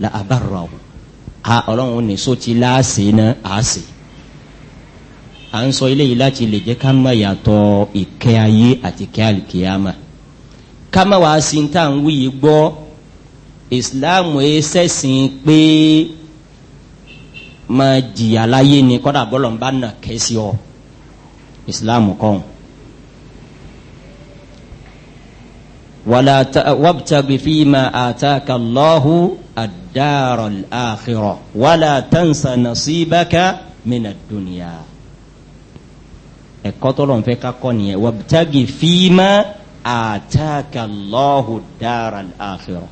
la abarra o ah, ọlọ́run ò ní sọ ti láàṣẹ náà àṣẹ à ń sọ eléyìí láti lè jẹ́ ká mọ̀ yàtọ̀ ìkẹ́ ayé àti ìkẹ́ àlìkìyàmà ká má wàá sin tá à ń wí yìí gbọ́ ìsìláàmù ẹ sẹ́sìn pé máa jìyà láyé ni kọ́dà bọ́lọ̀ ń bá nà kẹ́sì ọ ìsìláàmù kọ́ wàlá fi ma àtàkà lọ́hù ad-dara al-akhirah wàlá tansa nasibaka mina ẹ̀kọ́ tọ́lọ̀ ń fẹ́ kakọ́ nìyẹn wabtagi fima ataka Allahu daral akhirah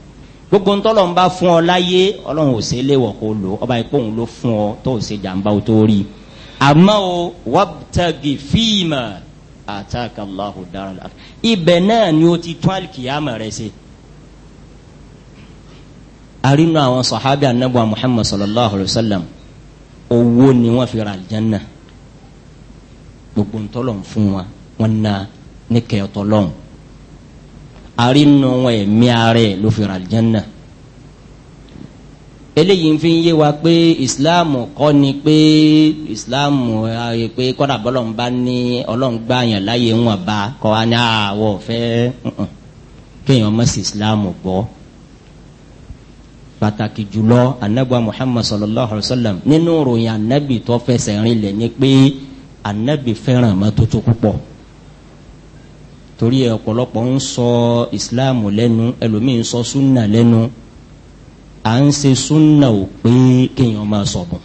gbogbo ntọ́lọ̀ ń bá fún ọ láyé ọlọ́run ò sí léwọ̀ kó lò ọba ìpóhùn ló fún ọ tó ò sí jàǹbá tó rí àmọ́ o wabtagi fima ataka Allahu daral akhirah náà ni o ti tún alikiyama rẹ ṣe arínú àwọn sọ̀hábì anábọ̀ muhammad sallallahu alayhi wa sallam owó ni wọ́n fi ra aljanna gbogbo ntọ́lọ̀ fún wa wọn na ní kẹyọtọ lọ́hùn arínú wọn ẹ̀mí ara ẹ̀ ló fi ra àlìjánná eléyìí fi ń yé wa pé islam kọ́ ni pé islam ayé pé kọ́dà bọ́lọ̀ ń bá ní ọlọ́run gbá yàn láyé wọn bá kọ́ wa ní àwọ̀ fẹ́ kéèyàn mọ̀ sí islam gbọ́ pàtàkì jùlọ anabi muhammad sallallahu alaihi wa sallam nínú ròyìn anabi tó fẹsẹ̀ rinlẹ̀ ni pé anabi fẹ́ràn mọ́tótó púpọ̀ torí ẹ ọ̀pọ̀lọpọ̀ ń sọ ìsìláàmù lẹ́nu ẹlòmíì ń sọ súnà lẹ́nu à ń ṣe súnà ò pé kéèyàn máa sọ̀bùn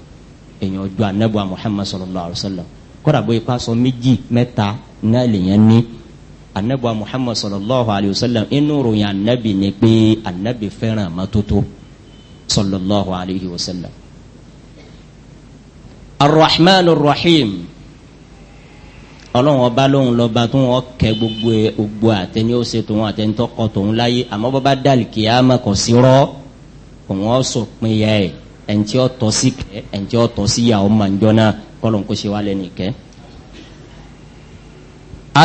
èèyàn ọjọ́ anabi muhammad sallallahu alayhi wa sallam kódà bóyá ipa sọ méjì mẹ́ta náà lèèyàn ní anabi muhammad sallallahu alayhi wa sallam inú ròyìn anabi ni pé anabi fẹ́ràn mọ́tótó sallallahu alayhi wa sallam. arrahman arrahim ọlọ́run ọba lóhun lọ́ba tó wọn kẹ gbogbo ẹ gbogbo àtẹni ó ṣe tòun àtẹni tó tòun láyé àmọ́ bọ́ bá dàlì kì í sí rọ́ òun ọ̀ sọ̀pin ya ẹ̀ ẹ̀ ń sí kẹ́ ẹ̀ ń sí ya ọ̀ mà ń jọ náà kó ṣe wá lẹ́nu ìkẹ́.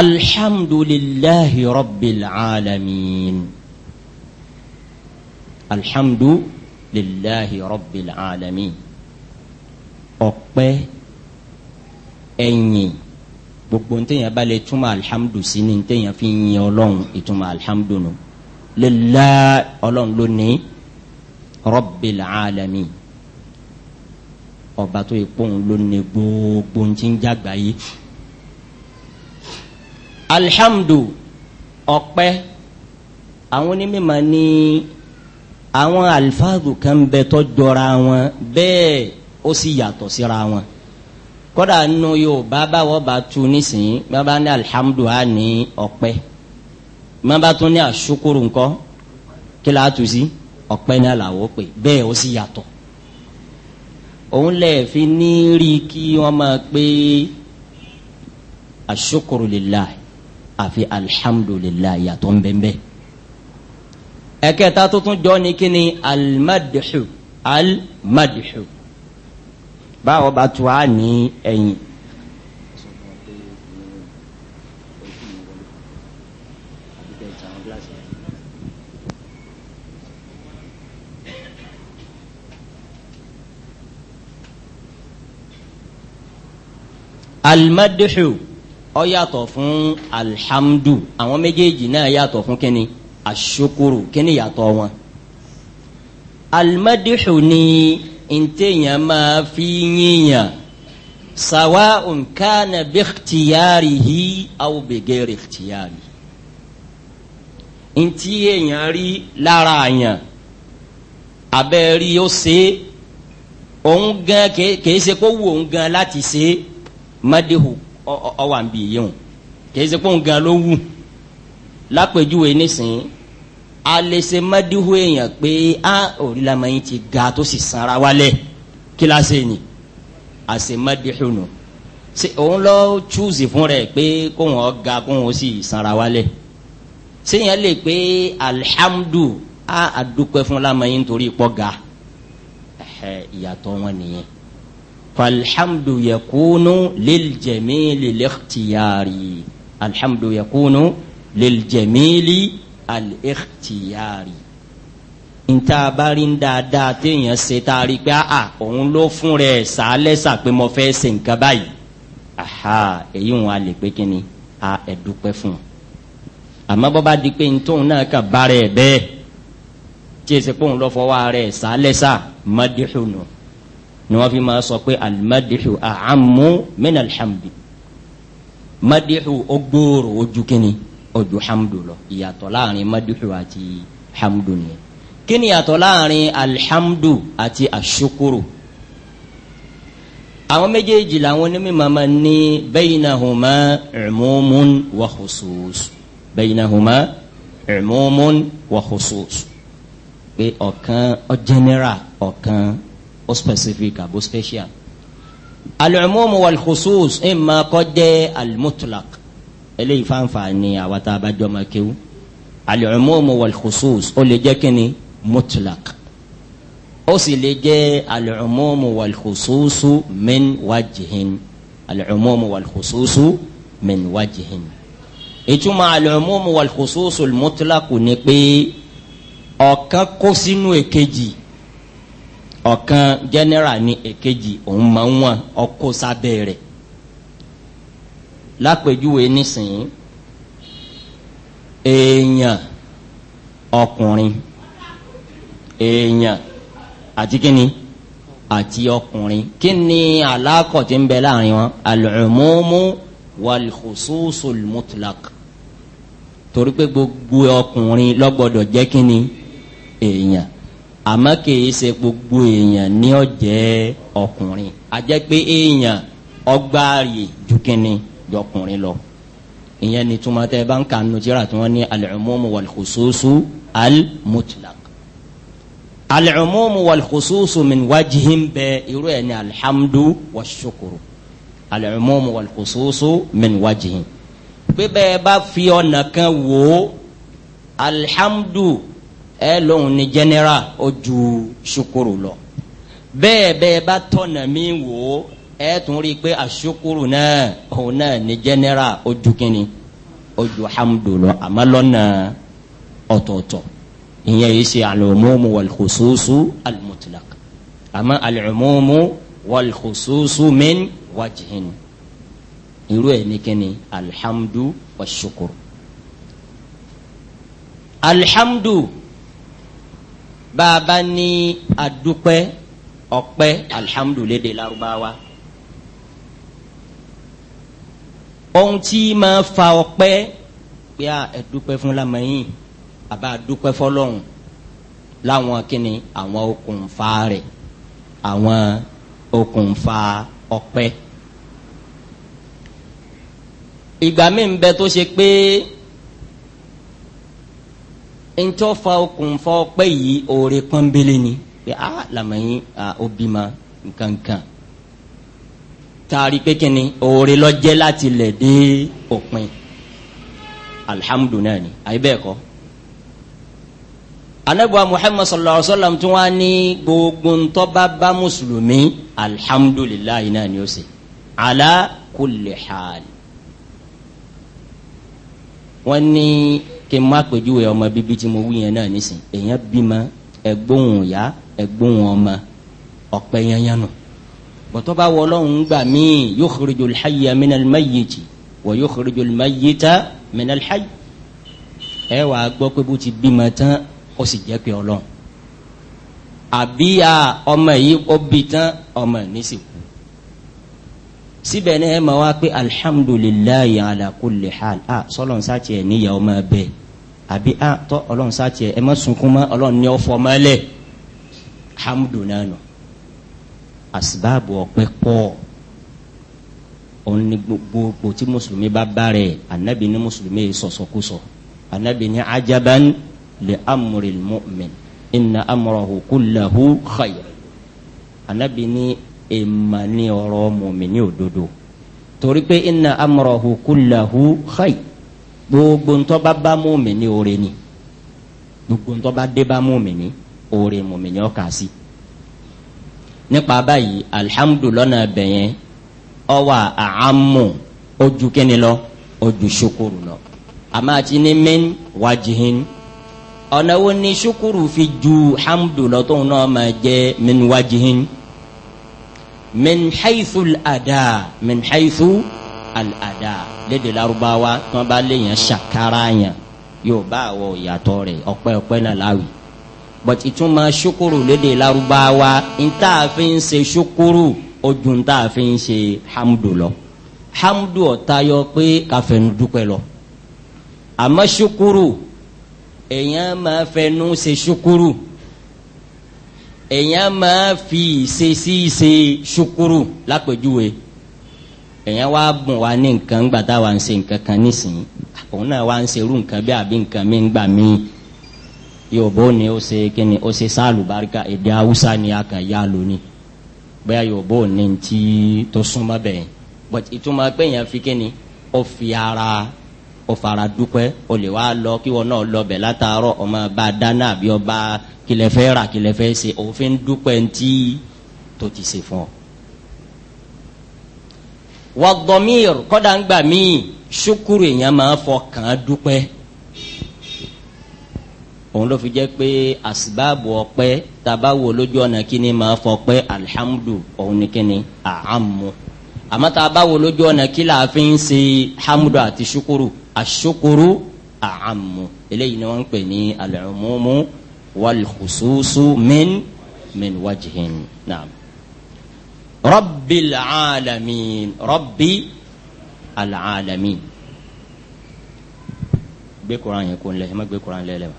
alhamdulillahi rabbil alamin alhamdulillahi rabbil alamin ọpẹ́ ẹ̀yìn gbogbo ntẹ̀yìn bá lè túmọ̀ alihamudu sí ni ntẹ̀yìn fi yin ọlọ́run ìtumọ̀ alihamudu nù lila ọlọ́run ló ní rọ́bì làálàmì ọba tó yẹ kóun ló ní gbogbo ntí ń jàgbá yìí àwọn onímọ̀ ní àwọn alifáàdù kan bẹ tó jọra wọn bẹ́ẹ̀ ó sì yàtọ̀ síra wọn kódà nù yóò bàbá wọ́n bá tu nísìnyí bàbá ní alihamudulilayi ní ọ̀pẹ bàbá tún ní asukuru ńkọ́ kí la tu sí ọ̀pẹ náà làwọ̀ pé bẹ́ẹ̀ ó sì yàtọ̀ òun lè fi ní rí kí wọ́n máa pé asukurulilayi àfi alihamudulilayi yàtọ̀ nbẹ́nbẹ́ ẹ̀kẹta tuntun jọ ni kí ni alimadihu alimadihu báwo bá tu á ní ẹ̀yìn. almadihu ó yàtọ̀ fún alhamdu àwọn méjèèjì náà yàtọ̀ fún kíni asukuru kíni yàtọ̀ wọn almadihu ni ntẹ̀yàn máa fi yíyàn sàwa nǹkan bí tìyàrì yìí àwọn bẹ̀gẹ̀rẹ̀ tìyàrì ntí èèyàn rí lára àyàn abẹ́ rí ó ṣe òun gan kìí ṣe kó wù òun gan láti ṣe é mọ́déhù ọwà kìí ṣe kó òun gan ló wù lápèjúwe nísìnyí a lè ṣe mọ́díhù èèyàn pé a òrí lamọ yín ti ga tó sì sanra wálẹ̀ kíláàsì ni a ṣe mọ́díhù nù òun lọ chúùsì fún rẹ̀ pé kóun ọ ga kóun ó sì sanra wálẹ̀ sèyàn lè pé alihamudu a adúpẹ́ fún lamọ yín torí ipò ga ìyàtọ̀ wọn nìyẹn falhamdu yakunu lil jamili alhamdu yakunu lil al-ikhtiyari nta abari ń dáadáa téèyàn ṣe tá a rí pé a òun ló fún rẹ sàálẹ́sà pé mo fẹ́ ṣe nǹkan báyìí aha èyí wọn a lè pé kí ni a ẹ̀dúpẹ́ fún un àmọ́ bọ́ bá di pé ntóun náà kà bára ẹ̀ bẹ́ẹ̀ tí èsì pé òun lọ fọwọ́ rẹ sàálẹ́sà madihu nù ni wọ́n fi máa sọ pé alimadihu a'ammu min alhamdi madihu ó ojú kí ni ojú hamdu lọ ìyàtọ̀ láàrin madihu àti hamdu ni kí ni ìyàtọ̀ láàrin alhamdu àti asukuru àwọn méjèèjì làwọn onímọ̀ máa ní baynahuma umumun wa khusus baynahuma umumun wa khusus pé ọ̀kan ọ general ọ̀kan ó specific àbó special al-umum wal khusus imma jẹ́ al eléyìí fanfa ni àwa tá a bá jọ ma kéwú al-umumu wal-khusus ó lè jẹ́ kíni mutlaq ó sì lè jẹ́ al-umumu wal-khususu min wajhin al-umumu wal-khususu min wajhin ìtumọ̀ al-umumu wal ni pé ọ̀kan kó sínú èkejì ọ̀kan general ni èkejì òun máa ń wọn ọkọ sábẹ́ rẹ̀ lápèjúwe nísìnyí èèyàn ọkùnrin èèyàn àti kíni àti ọkùnrin kíni alákọ̀ tí ń bẹ láàrin wọn al-umumu wal-khususul mutlaq torí pé gbogbo ọkùnrin ló gbọ́dọ̀ jẹ́ kíni èèyàn àmọ́ kìí ṣe gbogbo èèyàn ní ó ọkùnrin a jẹ́ pé èèyàn ọgbà rè jọkùnrin lọ ìyẹn ni tuma tẹ bá ń ka nùjẹ́ra tí wọ́n ní al-umumu wal-khususu al-mutlaq al-umumu wal-khususu min wajhin bẹ irú ẹ̀ ní alhamdu wa shukuru al-umumu wal-khususu min wajhin pé bá fi ọ̀nà kan wò ó alhamdu general ó ju shukuru lọ bẹ́ẹ̀ bẹ́ẹ̀ bá tọ̀nà mi wò ẹ tún rí i pé àṣukuru náà òun náà ní jẹnẹra ojú kínní ojú hamdulillah àmọ́ lọ́nà ọ̀tọ̀ọ̀tọ̀ ìyẹn yìí ṣe al-umumu wal-khususu al-mutlaq àmọ́ al irú ẹ̀ ní alhamdu wa shukuru alhamdu bàbá ní adúpẹ́ ọpẹ́ alhamdu lédè lárúbáwá. ohun tí máa fa ọpẹ́ pé a ẹ̀dúpẹ́ fún lamẹ́yìn àbá dúpẹ́ fọlọ́hún láwọn kíni àwọn okùnfà rẹ̀ àwọn okùnfà ọpẹ́. ìgbà mi ń bẹ tó ṣe pé ntọ́ fa okùnfà ọpẹ́ yìí oore pọ́nbélé ni pé a ah, lamẹ́yìn a ah, ó bímọ nkankan taari pé kíni oore lọ́jẹ́ láti lẹ̀ dé òpin alihamudulilayi ni àyè bẹ́ẹ̀ kọ́ anabiwa muhammad sallallahu alaihi wa sallam tún wá ní gbogbo ntọ́ba bá mùsùlùmí alihamudulilayi náà ni ó ṣe ala kulli hal wọ́n ní kí n má pèjúwe ọmọ bíbí tí mo wí yẹn náà nísìn èèyàn bímọ ẹgbóhùn ìyá ẹgbóhùn ọmọ ọ̀pẹ yẹn yẹn nù. No bọ̀tọ́ bá wọ ọlọ́run gbà míì yukhrijul hayya minal mayyiti wa yukhrijul mayyita minal hayy ẹ wàá gbọ́ pé bó ti bímọ tán ó sì jẹ́ pé ọlọ́run àbí ọmọ yìí ó bí tán ọmọ ní sì kú síbẹ̀ ní ẹ máa wá pé alhamdulillahi ala hal a sọlọ ń sàtì níyàwó máa bẹ àbí a tọ́ ọlọ́run sàtì ẹ ẹ má sunkún mọ́ ọlọ́run ní ọ fọ́ mọ́ lẹ̀ hamdu náà No asibabu ọpẹ pọ̀ òun ni gbogbo tí mùsùlùmí bá bá rẹ̀ anabi ni mùsùlùmí yìí sọ̀sọ̀kúsọ anabi ni ajaban li amuril mu'min inna amurahu kullahu khayr anabi ni èèmà ni ọ̀rọ̀ mùmíní òdodo torí pé inna amurahu kullahu khayr gbogbo ntọ́ bá bá mùmíní oore ni gbogbo ntọ́ bá dé bá mùmíní oore mùmíní ọkà sí nípa báyìí alihamudulọ́nà bẹ̀yẹn ọwà àhámù ojú kíni lọ ojú ṣukuru lọ àmọ́ ní min wajihin ọ̀nà wo ni ṣukuru fi ju hamdulọ́ tóun náà máa jẹ́ min wajihin min haythu al-ada min haythu al-ada lédè Lárúbáwá tí wọ́n bá léèyàn ṣàkárá yàn yóò bá àwọ̀ ìyàtọ̀ rẹ̀ ọ̀pẹ́ ọ̀pẹ́ náà láwìí but ìtumọ̀ ṣukuru léde Lárúbáwá ntá a fi ń ṣe ṣukuru ojú ntá a fi ń ṣe hamdu lọ hamdu ọ̀tayọ pé káfẹ́nu dúpẹ́ lọ àmọ́ ṣukuru èèyàn máa fẹnu ṣe ṣukuru èèyàn máa fi ṣe sí ṣe ṣukuru lápèjúwe èèyàn wá bùn wá ní nǹkan gbàtà wá ń ṣe nǹkan kan nísìnyí òun náà wá ń ṣerú nǹkan bí àbí nǹkan mi ń gbà míì yorùbá ni ó ṣe kíni ó ṣe sáàlù barika èdè haúsá ni a kàn yá lónìí bóyá yorùbá ni ti tó súnmọ́ bẹ́ẹ̀ but ìtumọ̀ pé yẹn fi kíni ó fi ara ó fara dúpẹ́ ó lè wá lọ kí wọn náà lọ bẹ̀ látàárọ̀ ọmọ bá dáná àbí ọba kílẹ̀ rà kílẹ̀ fẹ́ òfin dúpẹ́ ntí tó ti ṣe fún ọ. wàgbọ́mìr kọ́dà ń gbà míì ṣukuru èèyàn máa fọ kàn án dúpẹ́ òun ló fi jẹ́ pé asibabu ọpẹ́ taba wo lójú ọ̀nà kíni máa fọpẹ́ alihamudu òun ni kíni àhámu àmọ́ taba wo lójú ọ̀nà kí la fi ń ṣe hamudu àti ṣukuru aṣukuru àhámu eléyìí ni wọ́n ń pè ní alẹ́mọ́mú wàlùkùsùsù min min wajhin naam rabbil alamin rabbi alamin gbé yẹn kó n lẹ ẹ má gbé kuran lẹ wa.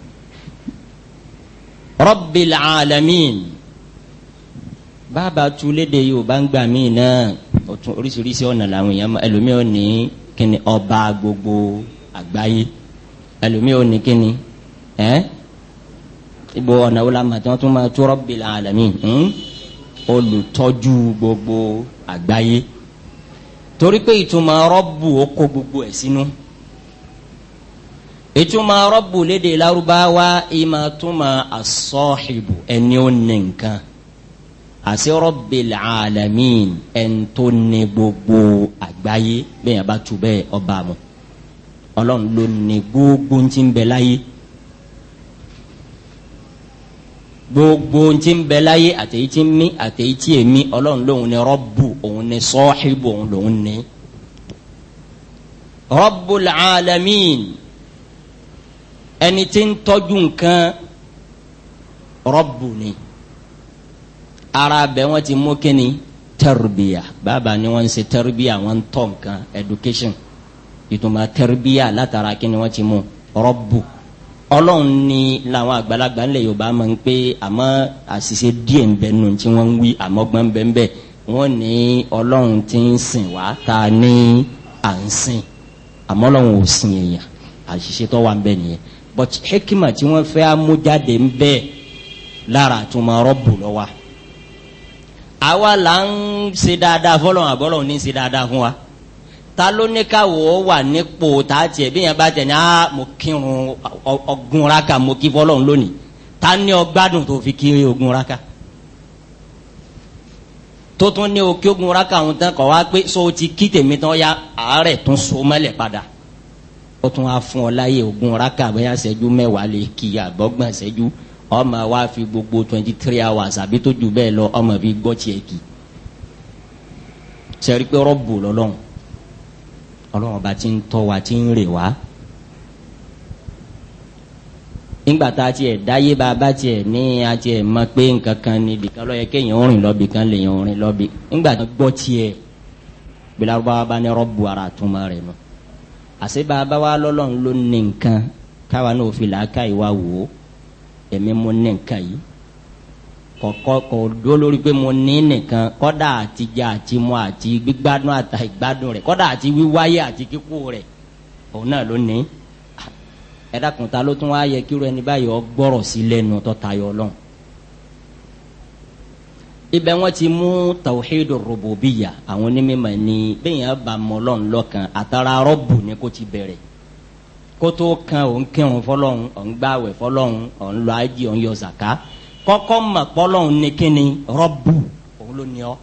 Rabbil alamin bàbá túlédè yorùbá ń gbà míì náà ọtún oríṣiríṣi ọ̀nà làwọn èèyàn ẹlòmíì ò ní kíni ọba gbogbo àgbáyé ẹlòmíì ò ní kíni ẹ ibo ọ̀nà wo la mà tí wọ́n tún máa tú Rabbil alamin hm? olùtọ́jú gbogbo àgbáyé torí pé ìtumọ̀ rọ́bù ó kó gbogbo ẹ̀ sínú. Si ìtumọ̀ rọ́bù léde lárúbáwá ìmọ̀ túmọ̀ asọ́ọ̀hìbù ẹni ó ní nǹkan àti rọ́bì làálàmín ẹni tó ní gbogbo àgbáyé bẹ́ẹ̀ yẹn bá tu bẹ́ẹ̀ ọba mu ọlọ́run ló ní gbogbo ń ti ń bẹ láyé gbogbo ń ti ń bẹ láyé àtẹ̀yí ti ń mí àtẹ̀yí ti èmi ọlọ́run lòun ní rọ́bù òun ní sọ́ọ̀hìbù òun lòun ní rọ́bù làálàmín ẹni tí ń tọ́jú nǹkan rọ́bù ni ara bẹ́ẹ̀ wọ́n ti mú kíni tẹ́rùbíyà bàbá ni wọ́n ń ṣe tẹ́rùbíyà wọ́n ń tọ́ nǹkan education ìtumọ̀ tẹ́rùbíyà látara kíni wọ́n ti mú rọ́bù ọlọ́run ni làwọn àgbàlagbà ńlẹ̀ yorùbá máa ń pé àmọ́ àṣìṣe díẹ̀ ń bẹ nù tí wọ́n ń wí àmọ́ gbọ́n bẹ́ẹ̀ bẹ́ẹ̀ wọ́n ní ọlọ́run ti ń sìn wá ta ní à ń sìn àmọ́ ọlọ́run ò sìn èèyàn àṣìṣe tó wà ń bẹ nìyẹn but hikima tí wọ́n fẹ́ amújáde ń bẹ́ẹ̀ lára àtúmọ̀ rọ́bù lọ́wọ́ àwa là ń ṣe dáadáa fọlọ́n àbọ́lọ́ ní ṣe dáadáa fún wa ta ló ní káwọ́ wà nípò tá a tiẹ̀ bí yẹn bá tẹ̀ ní a mo kírun ọgùn raka mo kí fọlọ́n lónìí ta ní ọgbádùn tó fi kiri ogun tó tún ní o kí ogun raka tán kọ́ wa pé so ti kí tèmi tán ya àárẹ̀ tún so mọ́lẹ̀ padà ó tún wá fún ọ láyè ogún raka bóyá ṣẹ́jú mẹ́wàá lè kí àbọ̀gbọ̀n ṣẹ́jú ọmọ wa fi gbogbo twenty three hours àbí tó jù bẹ́ẹ̀ lọ ọmọ fi gbọ́ tiẹ̀ kì sẹ́rí pé rọ́bù lọ́lọ́run ọlọ́run ọba ti ń tọ́ wa ti ń rè wá nígbà tá a tiẹ̀ dáyé bá a bá tiẹ̀ ní a tiẹ̀ mọ̀ pé nǹkan kan ni ibìkan ló yẹ kéèyàn ń rìn lọ́bì kan lèèyàn ń rìn lọ́bì nígbà tá gbọ́ tiẹ̀ gbẹlẹ́wọ́ bá ní rọ́bù rẹ̀ nù. No àṣebà báwa lọ́lọ́run ló ní nǹkan káwa náà fi làákà ìwà wò ó èmi mo ní nǹkan yìí kọ̀kọ́ kò dúró lórí pé mo ní nìkan kọ́dà àti jẹ àti mu àti gbígbádùn àtà ìgbádùn rẹ̀ kọ́dà àti wíwáyé àti kíkú rẹ̀ òun náà ló ní ẹ dákun ta ló tún wá yẹ ẹni báyìí ọ gbọ́rọ̀ sí lẹ́nu tó tayọ ọlọ́run ibẹ̀ wọ́n ti mú tawhidu rububiya àwọn onímọ̀ ní bẹ́ẹ̀ yẹn bá mọ lọ́kàn àtàrà rọ́bù ni kò ti bẹ̀rẹ̀ kótó kan òun kírun fọlọ́run òun gbàwẹ̀ fọlọ́run òun lọ ají òun yọ zaka kọ́kọ́ mọ̀ pọ́lọ́run ní kíni rọ́bù òun ló ní ọ́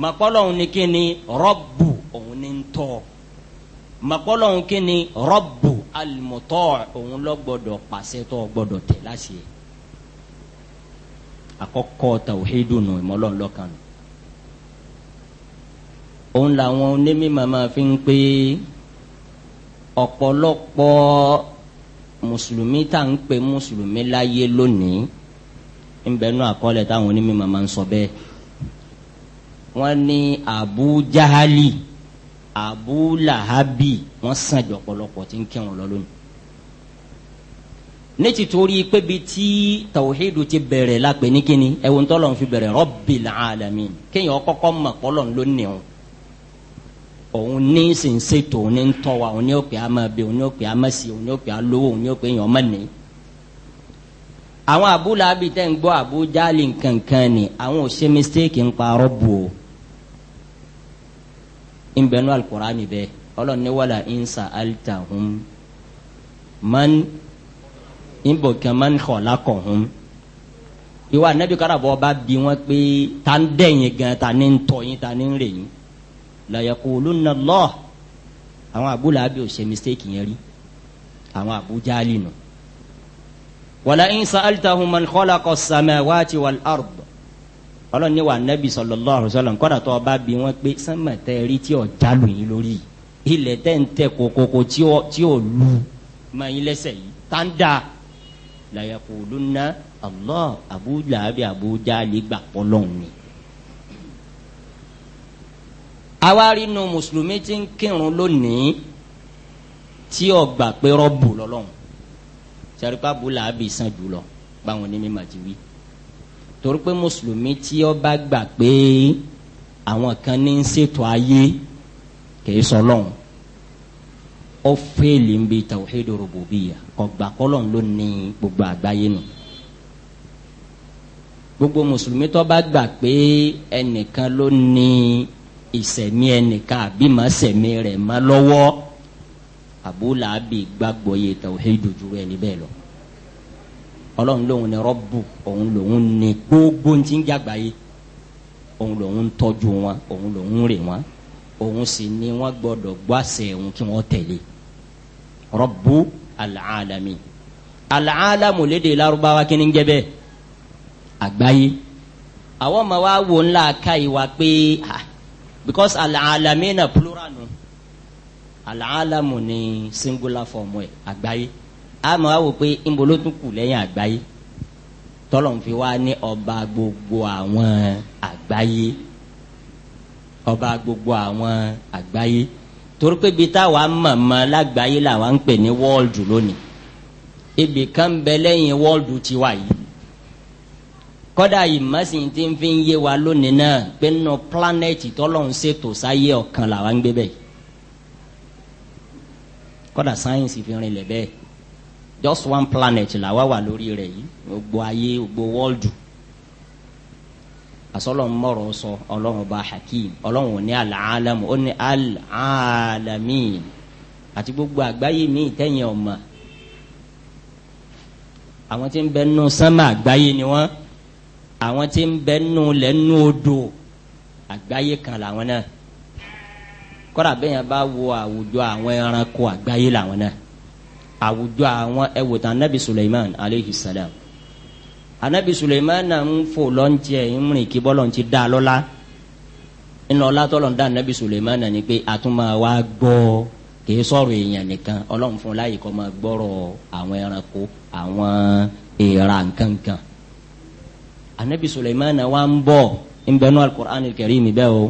mọ̀ pọ́lọ́run ní kíni rọ́bù òun ní ń tọ́ mọ̀ kíni rọ́bù alimọ̀tọ́ òun ló gbọ́dọ̀ pàṣẹ tó gbọ́dọ̀ tẹ̀ láṣẹ àkọ́kọ́ tàwíhídùnù ìmọ̀lọ́ọ̀lọ́kan nù. òun làwọn onímọ̀ máa fi ń pé ọ̀pọ̀lọpọ̀ mùsùlùmí tá à ń pè mùsùlùmí láyé lónìí ń bẹ nú àkọọ́lẹ̀ táwọn onímọ̀ máa ń sọ bẹ́ẹ̀. wọ́n ní Abu Jahali Abu Lahabi wọ́n sàn jọ ọ̀pọ̀lọpọ̀ tí ń kírun lọ lónìí ne ti torí pé bi tí tawhidu ti bẹ̀rẹ̀ la pé ní kíni ẹ̀wọ̀n tó lọ́n fi bẹ̀rẹ̀ Rabbil alamin kéèyàn kọ́kọ́ mọ̀ pọ́lọ́ ló ní o òun ní sèǹsè tó òun ní tọ́ wa òun ní òkè àmọ́ bẹ òun ní òkè àmọ́ sí òun ní òkè àlówó òun ní òkè èèyàn mọ̀ ní. àwọn Abu Lahabi ń gbọ́ Abu Jali nkankan ni àwọn ò ṣe mistake ń pa rọ́bù o ń bẹnu Al-Qur'ani bẹ́ẹ̀ ọlọ́ni wàlà ń sa alitahum man nbọ kan máa ń xɔ lakɔhun ìwà anabi karabɔ bá bi wọn pé ta ń dẹ̀yìn gan ta ni ń tọ̀yìn ta ni ń rẹ̀yìn layakulunna Allah àwọn abúlé abi ò ṣe mistake yẹn rí àwọn abuja nù. wala in sa'altahum man khalaqa as-samawati wal ard ọlọ́run ní wa anabi sallallahu alaihi wasallam kọ́dà tó bi wọn pé sánmà tẹ́ rí tí ò jálù yín lórí ilẹ̀ tẹ́ ń tẹ́ kokoko tí ò lu mọ ilé sẹ́yìn làyàkùlùnà allah abuja àbí abuja lè gbà pọlọ́hún ni. awárí nu mùsùlùmí ti ń kírun lónìí tí ọgbà pé rọ́bù lọ́lọ́hún sẹ́ríkà bùlà àbí sàn jùlọ báwọn onímọ̀ ti wí torí pé mùsùlùmí tí ó bá gbà pé àwọn kan ní ń ṣètò ayé kì í sọ lọ́hùn ọfẹlẹ ń bi tawhidu rububiyya ọgbà kọlọ ló ní gbogbo àgbáyé nù gbogbo mùsùlùmí tó bá gbà pé ẹnìkan ló ní ìsẹ̀mí ẹnìkan àbí má sẹ̀mí rẹ̀ má lọ́wọ́ àbúlàábì gbàgbọ́ yẹ tawhidu jùlọ ẹni bẹ́ẹ̀ lọ ọlọ́run lòun ni rọ́bù òun lòun ni gbogbo ti ń jàgbáyé òun lòun ń tọ́jú wọn òun lòun ń rè wọn òun sì ni wọ́n gbọ́dọ̀ gbọ́ àṣẹ òun kí wọ́n tẹ̀lé rọ́bù alàlámì alàlámù lédè lárúbáwá kí ni ń jẹ́ bẹ́ẹ̀ àgbáyé àwọn ọmọ wa wò ńlá ká ìwà pé ha because alàlámì náà plural nù alàlámù ni singular form ẹ̀ àgbáyé àmọ́ wa wò pé ńbolo tún kù lẹ́yìn àgbáyé tọ́lọ̀ ń fi wá ní gbogbo àwọn àgbáyé ọba gbogbo àwọn àgbáyé torí pé bíi táwa mọ̀mọ́ lágbàáyé làwa ń pè ní wọ́ọ̀dù lónìí ibì kan bẹ lẹ́yìn wọ́ọ̀dù tiwa yìí kọ́dà ìmọ̀sìn tí ń fi ń yé wa lónìí náà pé nínú pílánẹ́ẹ̀tì tọ́lọ́hún ṣètò sáyé ọ̀kan làwa ń gbé bẹ́ẹ̀ kọ́dà sáyẹ́nsì fi rinlẹ̀ bẹ́ẹ̀ just one planet làwa wà lórí rẹ̀ yìí gbogbo ayé gbogbo wọ́ọ̀dù asọ́lọ́n mọ̀rọ̀ sọ ọlọ́run bá hakim ọlọ́run ò ní alaalamu ó ní alaalamin àti gbogbo àgbáyé mi tẹ̀yìn ọ̀ma àwọn tí ń bẹ nù sánmà àgbáyé ni wọ́n àwọn tí ń bẹ nù lẹ́nu odò àgbáyé kan làwọn náà kọ́ra bẹ́yẹn bá wo àwùjọ àwọn ẹranko àgbáyé làwọn náà àwùjọ àwọn ẹwòtán nabi Suleiman aleyhi salam anabi suleimana ń fò lọ́ntiẹ̀ ń rìn kí bọ́lọ̀ ti dá lọ́la ńlọ́lá tọ́lọ̀ ń dá anabi suleimana ni pé àtúmọ̀ wa gbọ́ kìí sọ̀rọ̀ èèyàn nìkan ọlọ́run fún láyè kọ́ máa gbọ́rọ̀ àwọn ẹranko àwọn èèrà nkankan anabi suleimana wa ń bọ̀ nbẹnu alukur'an karim bẹ́ẹ̀ o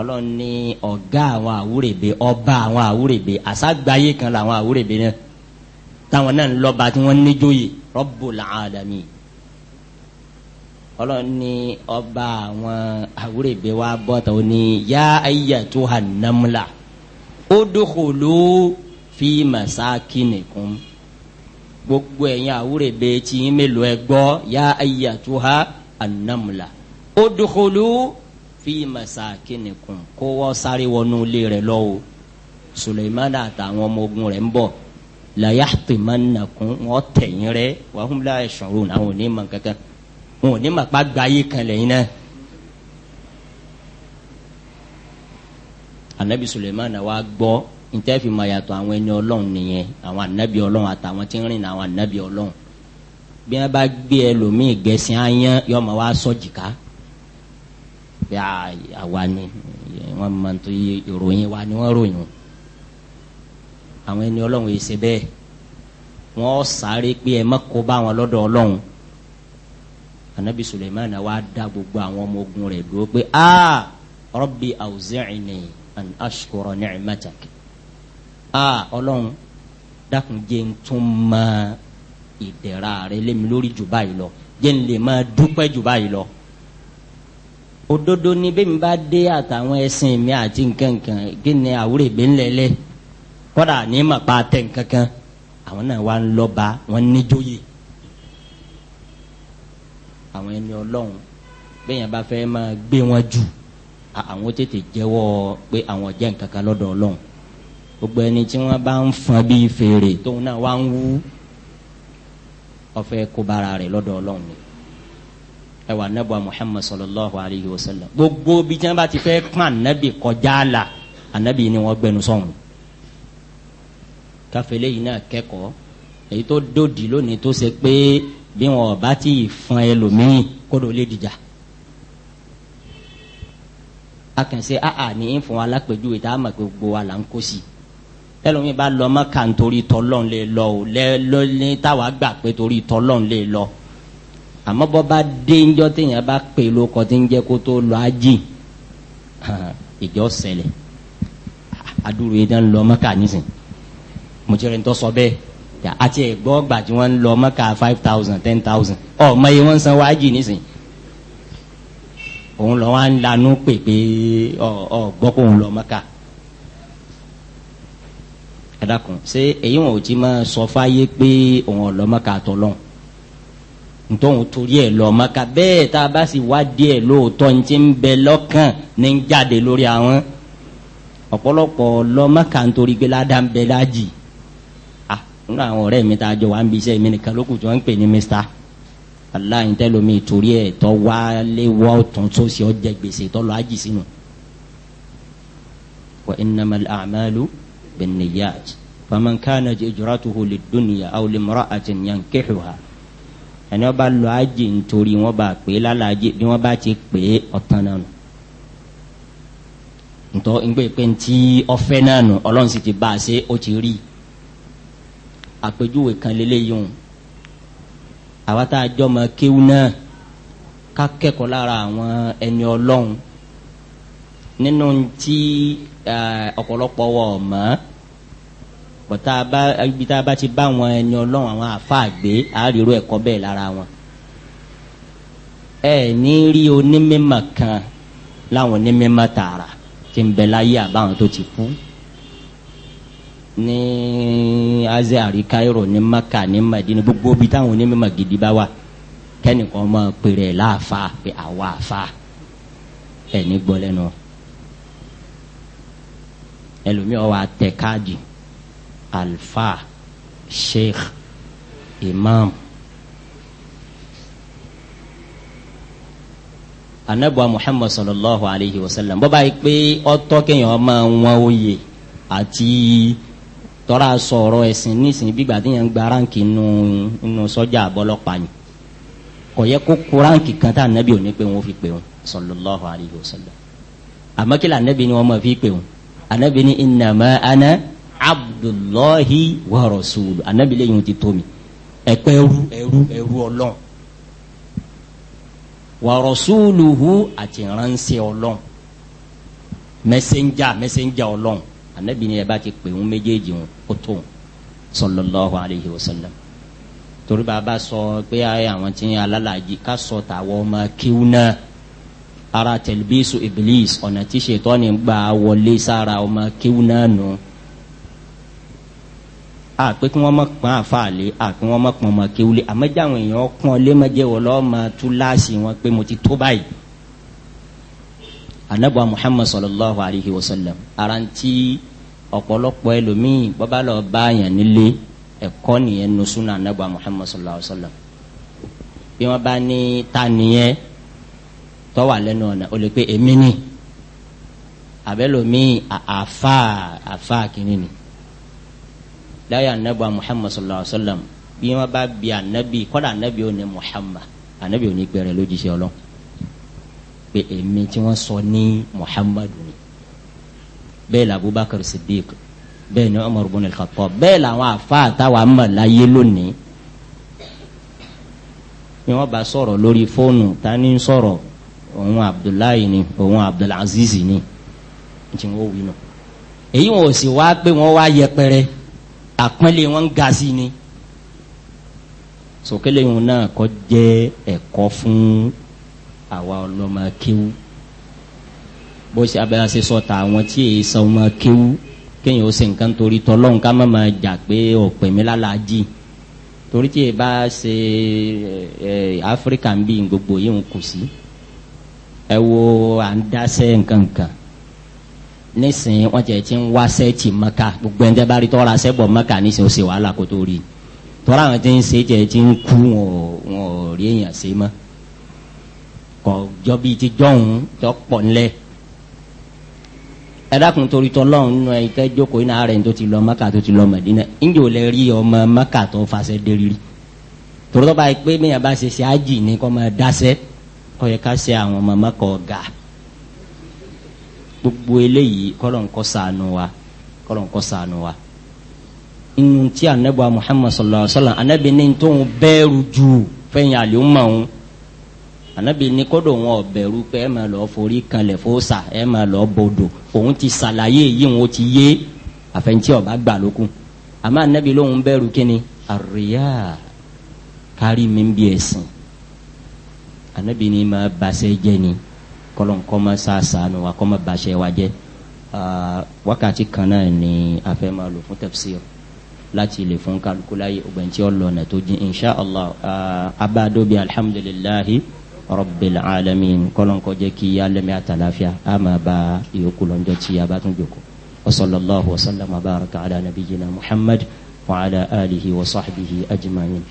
ọlọ́run ní ọ̀gá àwọn àwúrẹ̀bẹ̀ ọba àwọn àwúrẹ̀bẹ̀ àṣàgbáyé kan làwọn àwúrẹ̀bẹ̀ náà táwọn náà ń lọ́ba tí wọ́n ní jóyè Rabbul Alamin ọlọ́run ní ọba àwọn àwúrẹ́bẹ̀ wa bọ́ta ó ní yá ayyatuhan namla udkhulu fi masakinikum gbogbo ẹ̀yin àwúrẹ́bẹ̀ tí yín mélòó ẹ gbọ́ yá ayyatuhan namla udkhulu fi masakinikum kó wọ́n sáré wọnú ilé rẹ̀ lọ́wọ́ Sulaimana àtàwọn ọmọ ogun rẹ̀ ń bọ̀ layaxtimannakun wọn tẹ̀yìn rẹ wa hum la yashurun àwọn òní ma kankan wọn òní ma pa gbayé kan lẹ́yìn náà. anabi suleiman wa gbọ́ ntẹ́fi ma yàtọ̀ àwọn ẹni ọlọ́run nìyẹn àwọn anabi ọlọ́run àtàwọn tí ń rìn àwọn anabi ọlọ́run bí wọn bá gbé ẹlòmíì gẹ̀ẹ́sì ayán yọmọ wa sọ jìká bí àwa ni wọn mọ tó yẹ ìròyìn wa ni wọn ròyìn o àwọn ẹni ọlọ́run yìí ṣe bẹ́ẹ̀ wọ́n sáré pé ẹ mọ́kó bá wọn lọ́dọ̀ ọlọ́run anabi suleiman wa da gbogbo àwọn ọmọ ogun rẹ̀ dúró pé aa rabbi awzi'ni an ashkura ni'matak aa ọlọ́run dákun jẹ́ n tún mọ ìdẹ̀ra rẹ̀ lémi lórí jù báyìí lọ jẹ́ n lè máa dúpẹ́ jù báyìí lọ òdodo ni bẹ́ẹ̀ mi bá dé àtàwọn ẹ̀sìn mi àti nǹkan kí ni àwúrẹ̀ gbé ńlẹ̀ kọ́dà ní ma pa tẹ̀ nkankan àwọn náà wà ń lọ́ba wọn níjóyè àwọn ẹni ọlọ́run bẹ́ẹ̀ yẹn bá fẹ́ máa gbé wọn jù àwọn tètè jẹ́wọ́ pé àwọn jẹ́ nkankan lọ́dọ̀ ọlọ́run gbogbo ẹni tí wọ́n bá ń fọn bíi fèrè tóun náà wá ń wú ọ̀fẹ́ kó bára rẹ̀ lọ́dọ̀ ni ẹwà nẹ́bọ̀ Muhammad sallallahu alayhi wa sallam gbogbo bí tí wọ́n bá ti fẹ́ pọ́n ànábì kọjá la ànábì ni wọ́n gbẹnu sọ̀rùn káfílẹ̀ yìí náà kẹ́kọ̀ọ́ èyí tó dòdì lónìí tó ṣe pé bí wọn bá ti fọn ẹlòmíì kódò lè dìjà. a kàn ṣe àà ní fún wa tá a mọ̀ pé gbogbo wa là ń kó sí i ẹlòmíì bá lọ mọ́ kà ń torí tọ́lọ́n lè lọ o lẹ́ni táwa gbà pé torí tọ́lọ́n lè lọ àmọ́ bọ́ bá dé ńjọ́ téèyàn bá pè lóko tí ń jẹ́ kó tó lọ ájì ìjọ ṣẹlẹ̀ adúrú dán lọ mọ́ kà nísìnyí mo ti rẹ̀ ń tọ́ sọ bẹ́ẹ̀ àti ẹ̀gbọ́ ọgbà tí wọ́n ń lọ mọ́ka five thousand ten thousand ọ̀ mọ iye wọ́n ń san wájì nísìnyí òun lọ wá ń lanú pè pé ọ̀ ọ̀ gbọ́ kó òun lọ mọ́ka ẹ̀dàkùn ṣé èyí wọn ò ti máa sọ fáyé pé òun ọ̀ lọ mọ́ka àtọ̀ lọ́hùn ntọ́hún torí ẹ̀ lọ maka bẹ́ẹ̀ tá a bá sì wá díẹ̀ lóòótọ́ ní ti ń bẹ lọ́kàn ní ń jáde lórí àwọn ọ̀pọ̀lọpọ̀ lọ maka nítorí pé ń bẹ láàjì nínú àwọn ọ̀rẹ́ mi tá a jọ wá ń bí iṣẹ́ mi nìkan lókùn tí wọ́n ń pè ní mista aláìní tẹ́lómi ìtòrí ẹ̀ tọ́ wá léwọ́ tún tó ṣe ọ́ jẹ gbèsè tọ́ lọ́ ájì sínú. wa innamal a'malu binniyat faman kana hijratuhu lidunya aw limra'atin yankihuha ẹni wọ́n bá lọ ájì nítorí wọ́n bá pè é lálàájì bí wọ́n bá ti pè é ọ̀tán náà nù ntọ́ ngbẹ́ pé ntí ọ̀fẹ́ náà ọlọ́run sì ti bá a ṣe ó ti rí i àpèjúwe kan lélẹ́yìí hùn àwa tá a jọ mọ kéwú náà ká kẹ́kọ̀ọ́ lára àwọn ẹni ọlọ́run nínú tí ọ̀pọ̀lọpọ̀ wọ̀ mọ́ bọ̀tá ibi tá a bá ti bá àwọn ẹni ọlọ́run àwọn àáfàá gbé àáríró ẹ̀kọ́ lára wọn ẹ ní rí onímọ̀ kan láwọn onímọ̀ tààrà tí ń bẹ láyé àbáwọn tó ti kú ní azari Cairo ní Maka ní Madina gbogbo bi táwọn onímọ̀ gidi bá wà kẹ́nìkan mọ̀ pèrè láàfa pé àwa àfa ẹ̀ ní gbọ́ lẹ́nu ẹlòmíràn tẹ káàdì alfa sheikh imam. anabuwa muhammad sallallahu alayhi wa sallam bọ́ba yìí pé ọtọ́ kéèyàn máa ń oyè àti tọ́ra sọ̀rọ̀ ẹ̀sìn nísìnyí bí gbàdé yẹn ń gba ráǹkì nù nù sọ́jà àbọ́lọ́pàá ni kò yẹ kó kó ráǹkì kan tá ànábì òní pé wọn fi pè wọn sallallahu alayhi wa sallam àmọ́ kí lànábì ni wọ́n máa fi pè wọn ànábì ni innama ana abdullahi wa rasuluhu ànábì lẹ́yìn ti tó mi ẹ̀pẹ́ ẹrú ẹrú ẹrú ọlọ́run wa rasuluhu àti ránṣẹ́ ọlọ́run mẹsẹ̀njà mẹsẹ̀njà ọlọ́run anabi ni ẹ bá ti pè ń méjèèjì ń kó tó ń sallallahu alayhi wa sallam torí bàbá sọ pé àwọn tí ń alálàájì ká sọ tàwọn ọmọ kíw náà ara tẹlibisu iblis ọ̀nà tí ṣètọ́ni gba wọlé sára ọmọ kíw náà nù. No àpé kí wọ́n mọ̀ pọ́n àfàlẹ́ àpé wọ́n mọ̀ pọ́n ọmọ kéwulẹ̀ àmọ́jà àwọn èèyàn pọ́n lémọ́jẹ́ wọ́n lọ́ ma tú láàsì wọn pé mo ti tó báyìí. anabuwa muhammad sallallahu alayhi wa sallam aranti ọ̀pọ̀lọpọ̀ ẹlòmíì bọ́bá lọ bá yàn nílé ẹ̀kọ́ nìyẹn nu sunna anabu muhammad sallallahu alaihi wa sallam bí wọ́n bá ní ta nìyẹn tọ́wà lẹ́nu ọ̀nà o lè pe èmi ni àbẹ́lòmíì àfa àfa kìíní ni láyé anabu muhammad sallallahu alaihi wa sallam bí wọ́n bá bi anabi kọ́dà anabi ò ní muhammad anabi ò ní pẹ̀rẹ̀ lójijì ọlọ́ pé èmi tí wọ́n sọ ní muhammadu ni bẹ́ẹ̀ la abubakar siddiq bẹ́ẹ̀ ni umar bin al-khattab bẹ́ẹ̀ làwọn afa àtàwọn amalaye lónìí ni wọ́n bá sọ̀rọ̀ lórí fóònù tani sọ̀rọ̀ òun abdullahi ni òun abdulaziz ni tí wọ́n wí nù èyí wọn ò sì wá pé wọ́n wá yẹpẹrẹ àpọ́nlé wọn ga sí ni sòkèlè yìí náà kọ́ jẹ́ ẹ̀kọ́ fún àwa ọlọ́mọ kéwù bó ṣe abẹ́rẹ́ ṣe sọ̀tà àwọn tí èyí san ọmọ kéwú kéèyàn ó ṣe nǹkan torí tọ́lọ́hún ká má máa jà pé ọ̀pẹ̀ mi lálàájì torí tí èyí bá ṣe ẹ áfíríkà ń bí gbogbo yìí ń kù sí ẹ wo à ń dáṣẹ́ nǹkan kan nísìnyí wọ́n ti ti ń wáṣẹ́ tì mọ́ka gbogbo ẹni bá rí tọ́ra sẹ́bọ̀ mọ́ka nísìnyí ó ṣe wàhálà kó tó rí tọ́ra àwọn tí ń ṣe tiẹ̀ ti ń kú wọn ò rí èèyàn ṣe mọ́ kọ̀ jọ bíi ti jọ̀hún tọ́ pọ̀ ńlẹ̀ ẹ dákun torí tọlọ́run nínú ẹ̀yin tẹ́ jókòó iná rẹ̀ tó ti lọ mẹ́kà tó ti lọ mẹ̀dínà ńjẹ́ ò lè rí ọmọ mẹ́kà tó fàṣẹ dérìrì tòrótọ́ báyìí pé bí yẹn bá ṣe ṣe ájì ní kọ́ máa dáṣẹ́ ọ yẹ ká ṣe àwọn ọmọ mẹ́kà ọ̀gá gbogbo eléyìí kọ́lọ̀ ńkọ́ sànù wa kọ́lọ̀ ńkọ́ sànù wa inú tí anabi wa Muhammad sallallahu alaihi wa sallam anabi ní tóun bẹ́ẹ̀rù ju fẹ́yìn àlè anabi ní kodo wọn ọbẹ̀rù pé ẹ máa lọ forí kanlẹ̀ fóòsà ẹ máa lọ bodò òun ti ṣàlàyé yìí òun ti yé àfẹnjẹ ọba gbà lókun àmọ́ anabi lóun bẹ̀rù kíni àríyá kárí mi bí ẹ̀sìn anabi ní máa basẹ́ jẹ́ ni kọ́lọ́nkọ́ máa sàṣàánú wa kọ́ máa basẹ́ wa jẹ́ wákàtí kan náà ni a máa lò fún tafsir láti lè fún kálukú láyé ọgbẹ̀ntì ọlọ́ọ̀nà tó jìn insha abadobi alhamdulilahi rabbil alamin kọlọ́nkọ́ jẹ́ kí alẹ́mi àtàláfíà a máa bá ìyókù lọ́njọ́ tí a bá tún jòkó wasalaamu alaykum wa rahmatulahi wa barakatuh muhammad wa ala alihi wa sahbihi ajma'in.